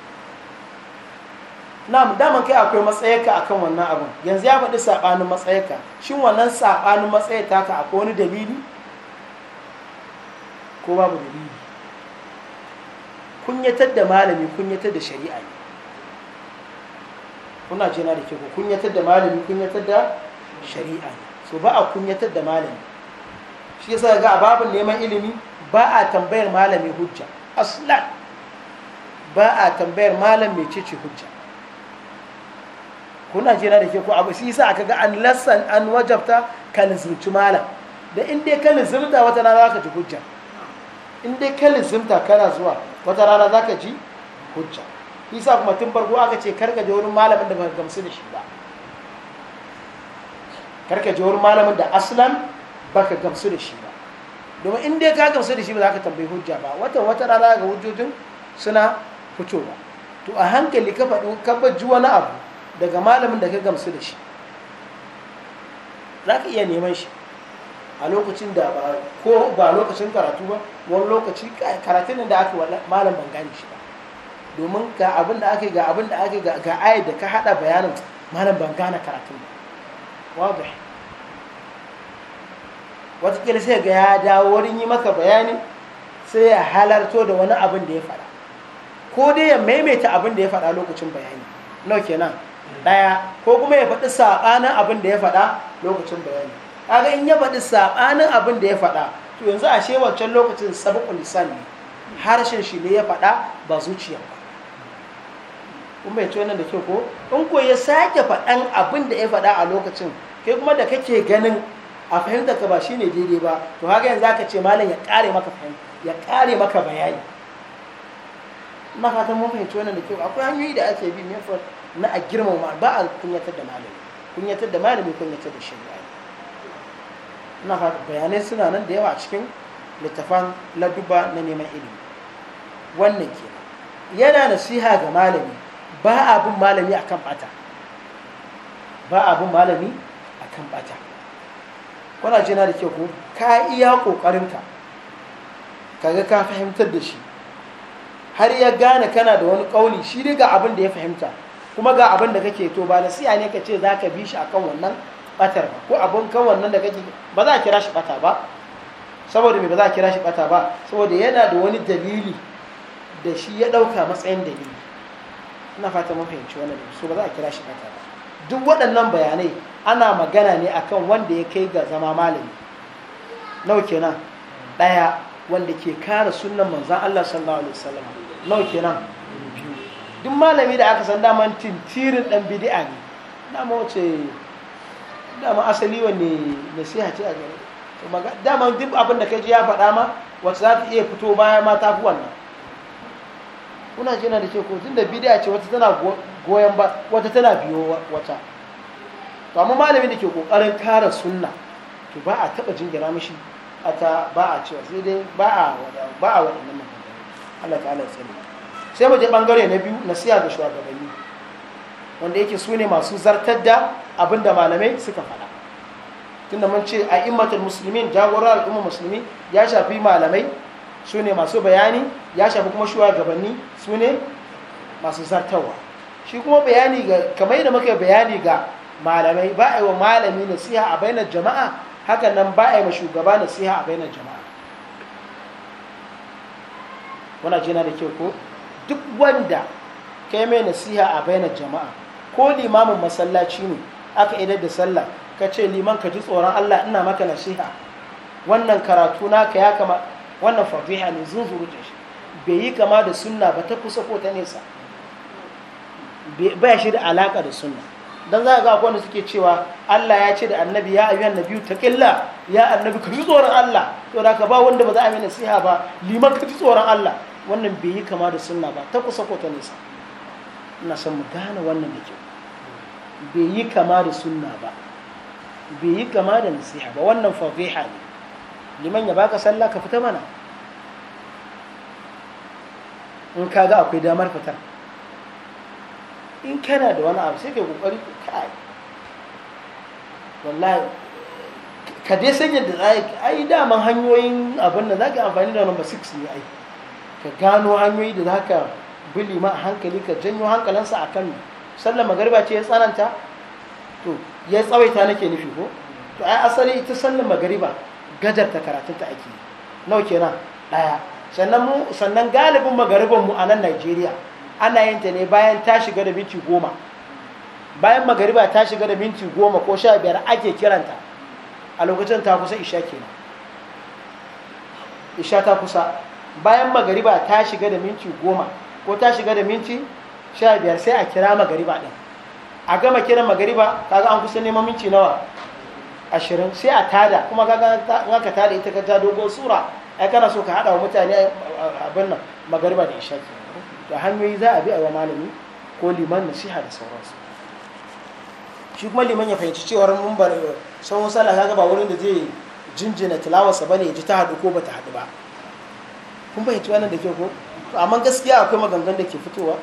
na'am daman kai akwai a akan wannan abin yanzu ya faɗi saɓanin matsayaka shin wannan saɓanin matsayaka taka akwai wani dalili ko babu dalili kunyatar da malami kunyatar da shari'a ne kuna jina da ke ku kunyatar da malami kunyatar da shari'a ne so ba a kunyatar da malami shi yasa ga a babin neman ilimi ba a tambayar malami hujja aslan ba a tambayar malam cece hujja kuna jira da ke ko abu shi sa aka ga an lassan an wajabta kalin lizimci malam da in dai ka lizimta wata rana zaka ji hujja in dai ka lizimta kana zuwa wata rana zaka ji hujja sa kuma tun farko aka ce karka je wurin malamin da ba gamsu da shi ba karka je wurin malamin da aslan baka gamsu da shi ba domin in dai ka gamsu da shi ba za ka tambayi hujja ba wata wata rana ga hujjojin suna fitowa to a hankali ka faɗi ka ji wani abu daga malamin da ka gamsu da shi za ka iya neman shi a lokacin da ba ko ba lokacin karatu ba wani lokaci karatun da aka wala malam ban gane shi ba domin ga abin da aka ga abin da aka ga ayat da ka hada bayanin malam ban gane karatun ba wadah watakila sai ga ya dawo wurin yi maka bayani sai ya halarto da wani abin da ya faɗa ko dai ya maimaita abin da ya faɗa lokacin bayani nau kenan ɗaya ko kuma ya faɗi saɓanin abin da ya faɗa lokacin bayani kaga in ya faɗi saɓanin abin da ya faɗa to yanzu a wancan lokacin sabqul lisan ne harshen shi ne ya faɗa ba zuciya ba kuma ya ci wannan da ke ko in ko ya sake faɗan abin da ya faɗa a lokacin kai kuma da kake ganin a fahimtar ka ba shine daidai ba to haka yanzu aka ce malam ya ƙare maka fahimta ya ƙare maka bayani Ina fatan mun fahimci wannan da kyau akwai hanyoyi da ake bi mai na a girmama ba a kunyatar da malami kunyatar da malami kunyatar da shari'a na haka bayanai suna nan da yawa a cikin littafan laduba na neman ilimi wannan ke yana nasiha ga malami ba abin malami akan bata ba abin malami akan bata kwana jina da ke ku ka iya kokarinka kaga ka fahimtar da shi har ya gane kana da wani kauli shi daga abin da ya fahimta kuma ga abin da kake to ba nasiya ne ka ce za ka bi shi akan wannan batar ba ko abin kan wannan da kake ba za a kira shi bata ba saboda me ba za a kira shi bata ba saboda yana da wani dalili da shi ya dauka matsayin dalili ina fata mun fahimci wannan so ba za a kira shi bata ba duk waɗannan bayanai ana magana ne akan wanda ya kai ga zama malami nau kenan ɗaya wanda ke kare sunan manzan Allah sallallahu alaihi wasallam nau kenan duk malami da aka san daman tintirin dan bid'a ne dama wace dama asali wanne nasiha ce a gare to maga dama duk abin da ji ya faɗa ma wace za ta iya fito baya ma ta fi wannan kuna ce na da ke ko tunda bid'a ce wata tana goyon ba wata tana biyo wata to amma malamin da ke kokarin kare sunna to ba a taba jingira mishi ata ba a cewa sai dai ba a ba a waɗannan Allah ta'ala ya sani sai mu je bangare na biyu nasiha ga shugabanni wanda yake su ne masu zartar da abin da malamai suka faɗa tunda mun ce a immatul musulmin jagorar al'umma musulmi ya shafi malamai su ne masu bayani ya shafi kuma shugabanni su ne masu zartarwa shi kuma bayani ga kamar yadda muka bayani ga malamai ba a yi wa malami nasiha a bainar jama'a hakan nan ba a yi wa shugaba nasiha a bainar jama'a muna jina da kyau ko duk wanda kai mai nasiha a bainar jama'a ko limamin masallaci ne aka idar da sallah ka ce liman ka ji tsoron Allah ina maka nasiha wannan karatu naka ya kama wannan fadiha ne zunzuru shi bai yi kama da sunna ba ta kusa ko ta nesa ba shi da alaka da sunna dan za ga akwai suke cewa Allah ya ce da annabi ya ayyuhan nabiyyu taqilla ya annabi ka ji tsoron Allah to da ka ba wanda ba za a mai nasiha ba liman ka ji tsoron Allah wannan bai yi kama da sunna ba ta kusa ko ta nesa ina son mu gane wannan da kyau bai yi kama da sunna ba bai yi kama da nasiha ba wannan fadiha ne liman ya baka sallah ka fita mana in ka ga akwai damar fitar in kana da wani abu sai ka kokari kai wallahi ka dai sanya da ai daman hanyoyin abin da za ka amfani da number 6 ne ai ka gano hanyoyi da za ka bili ma a hankali ka janyo hankalinsa a kan sallar magariba ce ya tsananta to ya tsawaita nake nufi ko to ai asali ita sallar magariba gajar ta karatun ta ake nawa kenan daya sannan mu sannan galibin magariban mu a nan Najeriya ana yin ta ne bayan ta shiga da minti goma bayan magariba ta shiga da minti goma ko sha biyar ake kiranta a lokacin ta kusa isha kenan isha ta kusa bayan magariba ta shiga da minti goma ko ta shiga da minti sha biyar sai a kira magariba ɗin a gama kiran magariba kaga an kusa neman minti nawa ashirin sai a tada kuma kaga ka tada ita ka ta dogon sura ai kana so ka haɗa wa mutane abin nan magariba da isha da hanyoyi za a bi a wa malami ko liman nasiha da sauransu shi kuma liman ya fahimci cewar mun bar eh, sauran sallah kaga ba wurin da zai jinjina tilawarsa ne ya ji ta haɗu ko ba ta haɗu ba kun fahimci wannan da ke ko amma gaskiya akwai maganganun da ke fitowa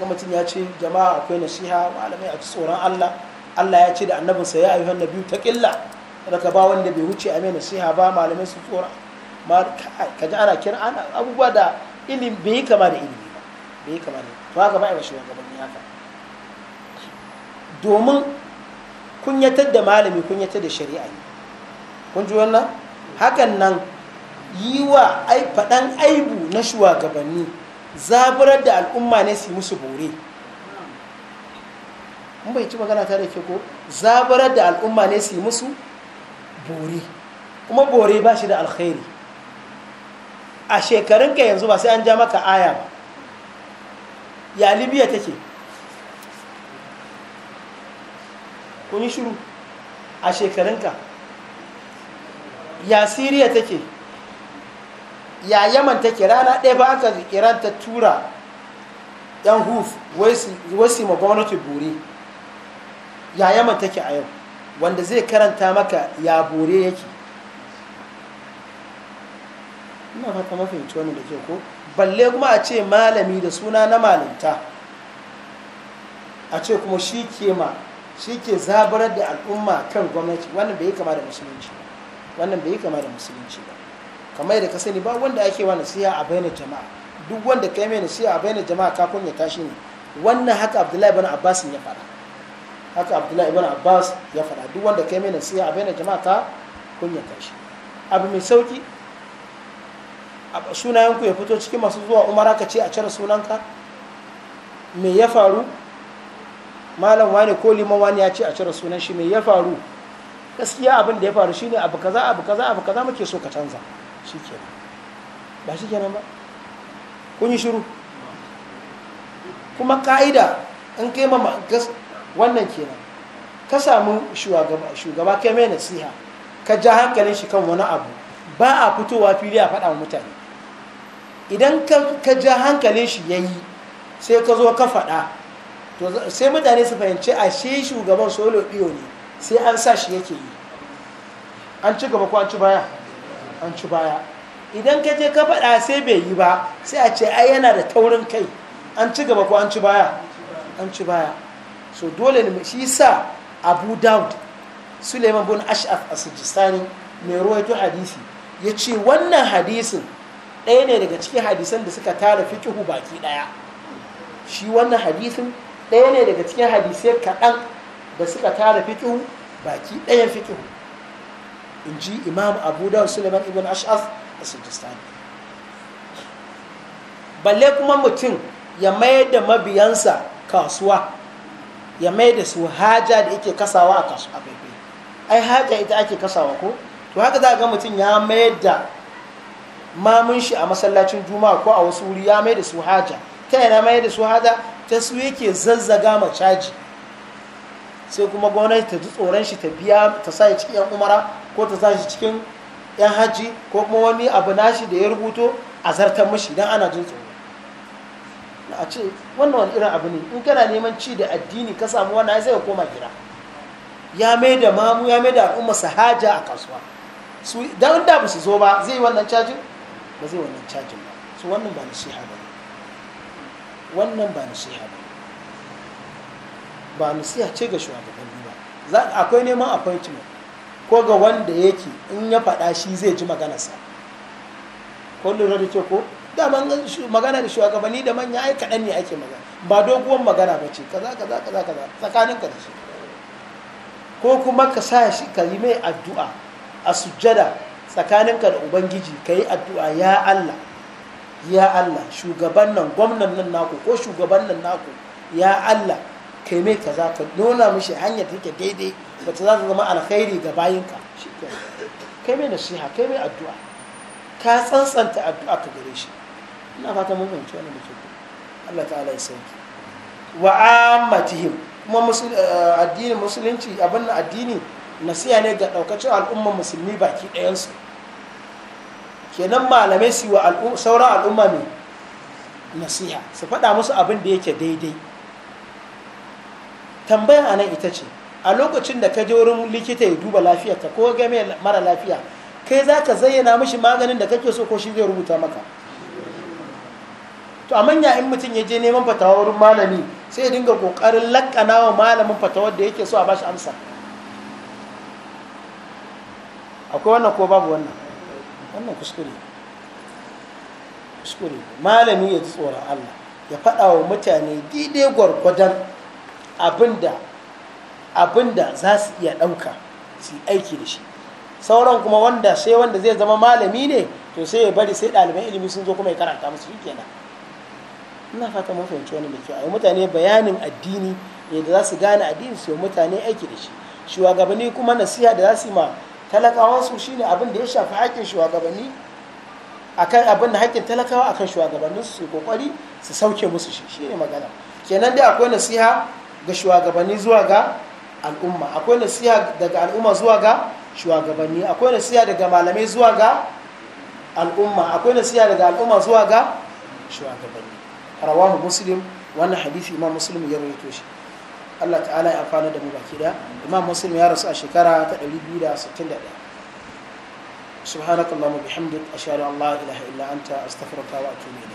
kuma mutum ya ce jama'a akwai nasiha malamai a tsoron Allah Allah ya ce da annabin annabinsa ya ayyuhan ta killa daga ba wanda bai wuce a mai nasiha ba malamai su tsora ma ka ji ana kira ana abubuwa da ilimi bai yi kama da ilimi ba bai yi kama da to haka ba a shi gaban haka domin kunyatar da malami kunyatar da shari'a ne kun ji wannan hakan nan yi wa faɗan aibu na shugabanni zaburar da al'umma ne su musu bore in bai ci magana ta da ke ko zaburar da al'umma ne su musu bore kuma bore ba shi da alkhairi a shekarun ka yanzu ba sai an ja maka aya ba ya libya take kun yi shuru a ka ya siriya take ya yaman take rana ɗaya ba aka iran ta tura yan huf wasi ma gwamnati bore ya yaman take a yau wanda zai karanta maka ya bore yake ina fata mafahimci wani da ke ko balle kuma a ce malami da suna na malinta a ce kuma shi ke ma shi ke zabarar da al'umma kan gwamnati wannan bai kama da musulunci wannan bai kama da musulunci ba kamar da ka sani ba wanda ake wa nasiha a bainar jama'a duk wanda ka mai nasiha a bainar jama'a ka ya tashi ne wannan haka abdullahi ibn abbas ya fara haka abdullahi ibn abbas ya fara duk wanda ka mai nasiha a bainar jama'a ka kunya tashi abu mai sauki sunayenku ya fito cikin masu zuwa umara ka ce a cire sunanka me ya faru malam wani ko liman wani ya ce a cire sunan shi me ya faru gaskiya abin da ya faru shine abu kaza abu kaza abu kaza muke so ka canza shi kenan ba ba kun yi shiru kuma ka'ida in kai ma wannan kenan ka samu shugaba ka mai nasiha ka ja hankalin shi kan wani abu ba a fitowa fili a faɗa mutane idan ka ja hankalin shi ya yi sai ka zo ka faɗa sai mutane su fahimci a shi shugaban solo biyo ne sai an sa shi yake yi an ci gaba ko an ci baya an ci baya idan ka je ka faɗa sai bai yi ba sai a ce ai yana da taurin kai an ci gaba ko an ci baya an ci baya so dole ne shi sa abu daud suleiman bin ash'af a sijistani mai ruwaito hadisi ya ce wannan hadisin ɗaya ne daga cikin hadisan da suka tara fikihu baki ɗaya shi wannan hadisin ɗaya ne daga cikin hadisai kaɗan da suka tara fikihu baki ɗayan fikihu in ji imam abu da suleiman ibn ash'af a sujistani balle kuma mutum ya mai da mabiyansa kasuwa ya mai da su haja da yake kasawa a kasuwa bebe ai haja ita ake kasawa ko to haka za ga mutum ya mai da mamun shi a masallacin juma'a ko a wasu wuri ya mai da su haja ta yana mai da su haja ta su yake zazzaga ma caji sai kuma gwamnati ta ji tsoron shi ta biya ta sa ya cikin yan umara ko ta sa cikin yan haji ko kuma wani abu nashi da ya rubuto a zartar mashi don ana jin tsoro a ce wannan wani irin abu ne in kana neman ci da addini ka samu wani sai ka koma gida ya mai da mamu ya mai da al'umma sahaja a kasuwa su da da ba su zo ba zai wannan cajin ba zai wannan cajin ba su wannan ba nasiha ba wannan ba nasiha ba ba nasiha ce ga shugabanni ba akwai neman appointment ko ga wanda yake in ya faɗa shi zai ji maganarsa ko lura da ce ko magana da shugabanni da manya ai kaɗan ne ake magana ba doguwar magana ba ce kaza kaza kaza kaza tsakanin ka da shi ko kuma ka sa shi ka yi mai addu'a a sujjada tsakaninka da ubangiji ka yi addu'a ya Allah ya Allah shugaban nan gwamnan nan naku ko shugaban nan naku ya Allah kai mai za ka nuna mishi hanyar take daidai wacce za ka zama alkhairi ga bayinka shi kai mai nasiha kai mai addu'a ka tsantsanta addu'a ka gare shi ina fata mun fahimci wannan da ke Allah ta'ala ya sauki wa ammatihim kuma eh, addinin musulunci abin na addini nasiha ne ga daukacin al'ummar musulmi baki ɗayan su. kenan malamai su wa sauran al'umma ne nasiha su faɗa musu abin da yake daidai Tambaya a nan ita ce a lokacin da ka je wurin likita ya duba lafiyarka ko ga mara lafiya kai za ka zayyana mishi maganin da kake so ko shi zai rubuta maka to a manya in mutum ya je neman fatawa wurin malami sai ya dinga kokarin lakana wa malamin fatawar da yake so a bashi amsa akwai wannan ko babu wannan wannan kuskure kuskure malami ya ji Allah ya faɗa wa mutane daidai gwargwadon abinda abinda za su iya ɗauka su aiki da shi sauran kuma wanda sai wanda zai zama malami ne to sai ya bari sai ɗaliban ilimi sun zo kuma ya karanta musu shi kenan ina fata mun fahimci wani da kyau a mutane bayanin addini yadda za su gane addini su yi mutane aiki da shi shugabanni kuma nasiha da za su yi ma talakawa su shine abin da ya shafi haƙƙin shugabanni akan abin da haƙƙin talakawa akan shugabannin su kokari su sauke musu shi shine magana kenan dai akwai nasiha ga shugabanni zuwa ga al'umma akwai nasiha daga al'umma zuwa ga shugabanni akwai nasiha daga malamai zuwa ga al'umma akwai nasiha daga al'umma zuwa ga shugabanni rawahu muslim wannan hadisi imam muslim ya rawaito shi Allah ta'ala ya amfana da mu baki da imam muslim ya rasu a shekara ta 261 سبحانك اللهم وبحمدك أشهد أن لا إله إلا أنت أستغفرك وأتوب إليك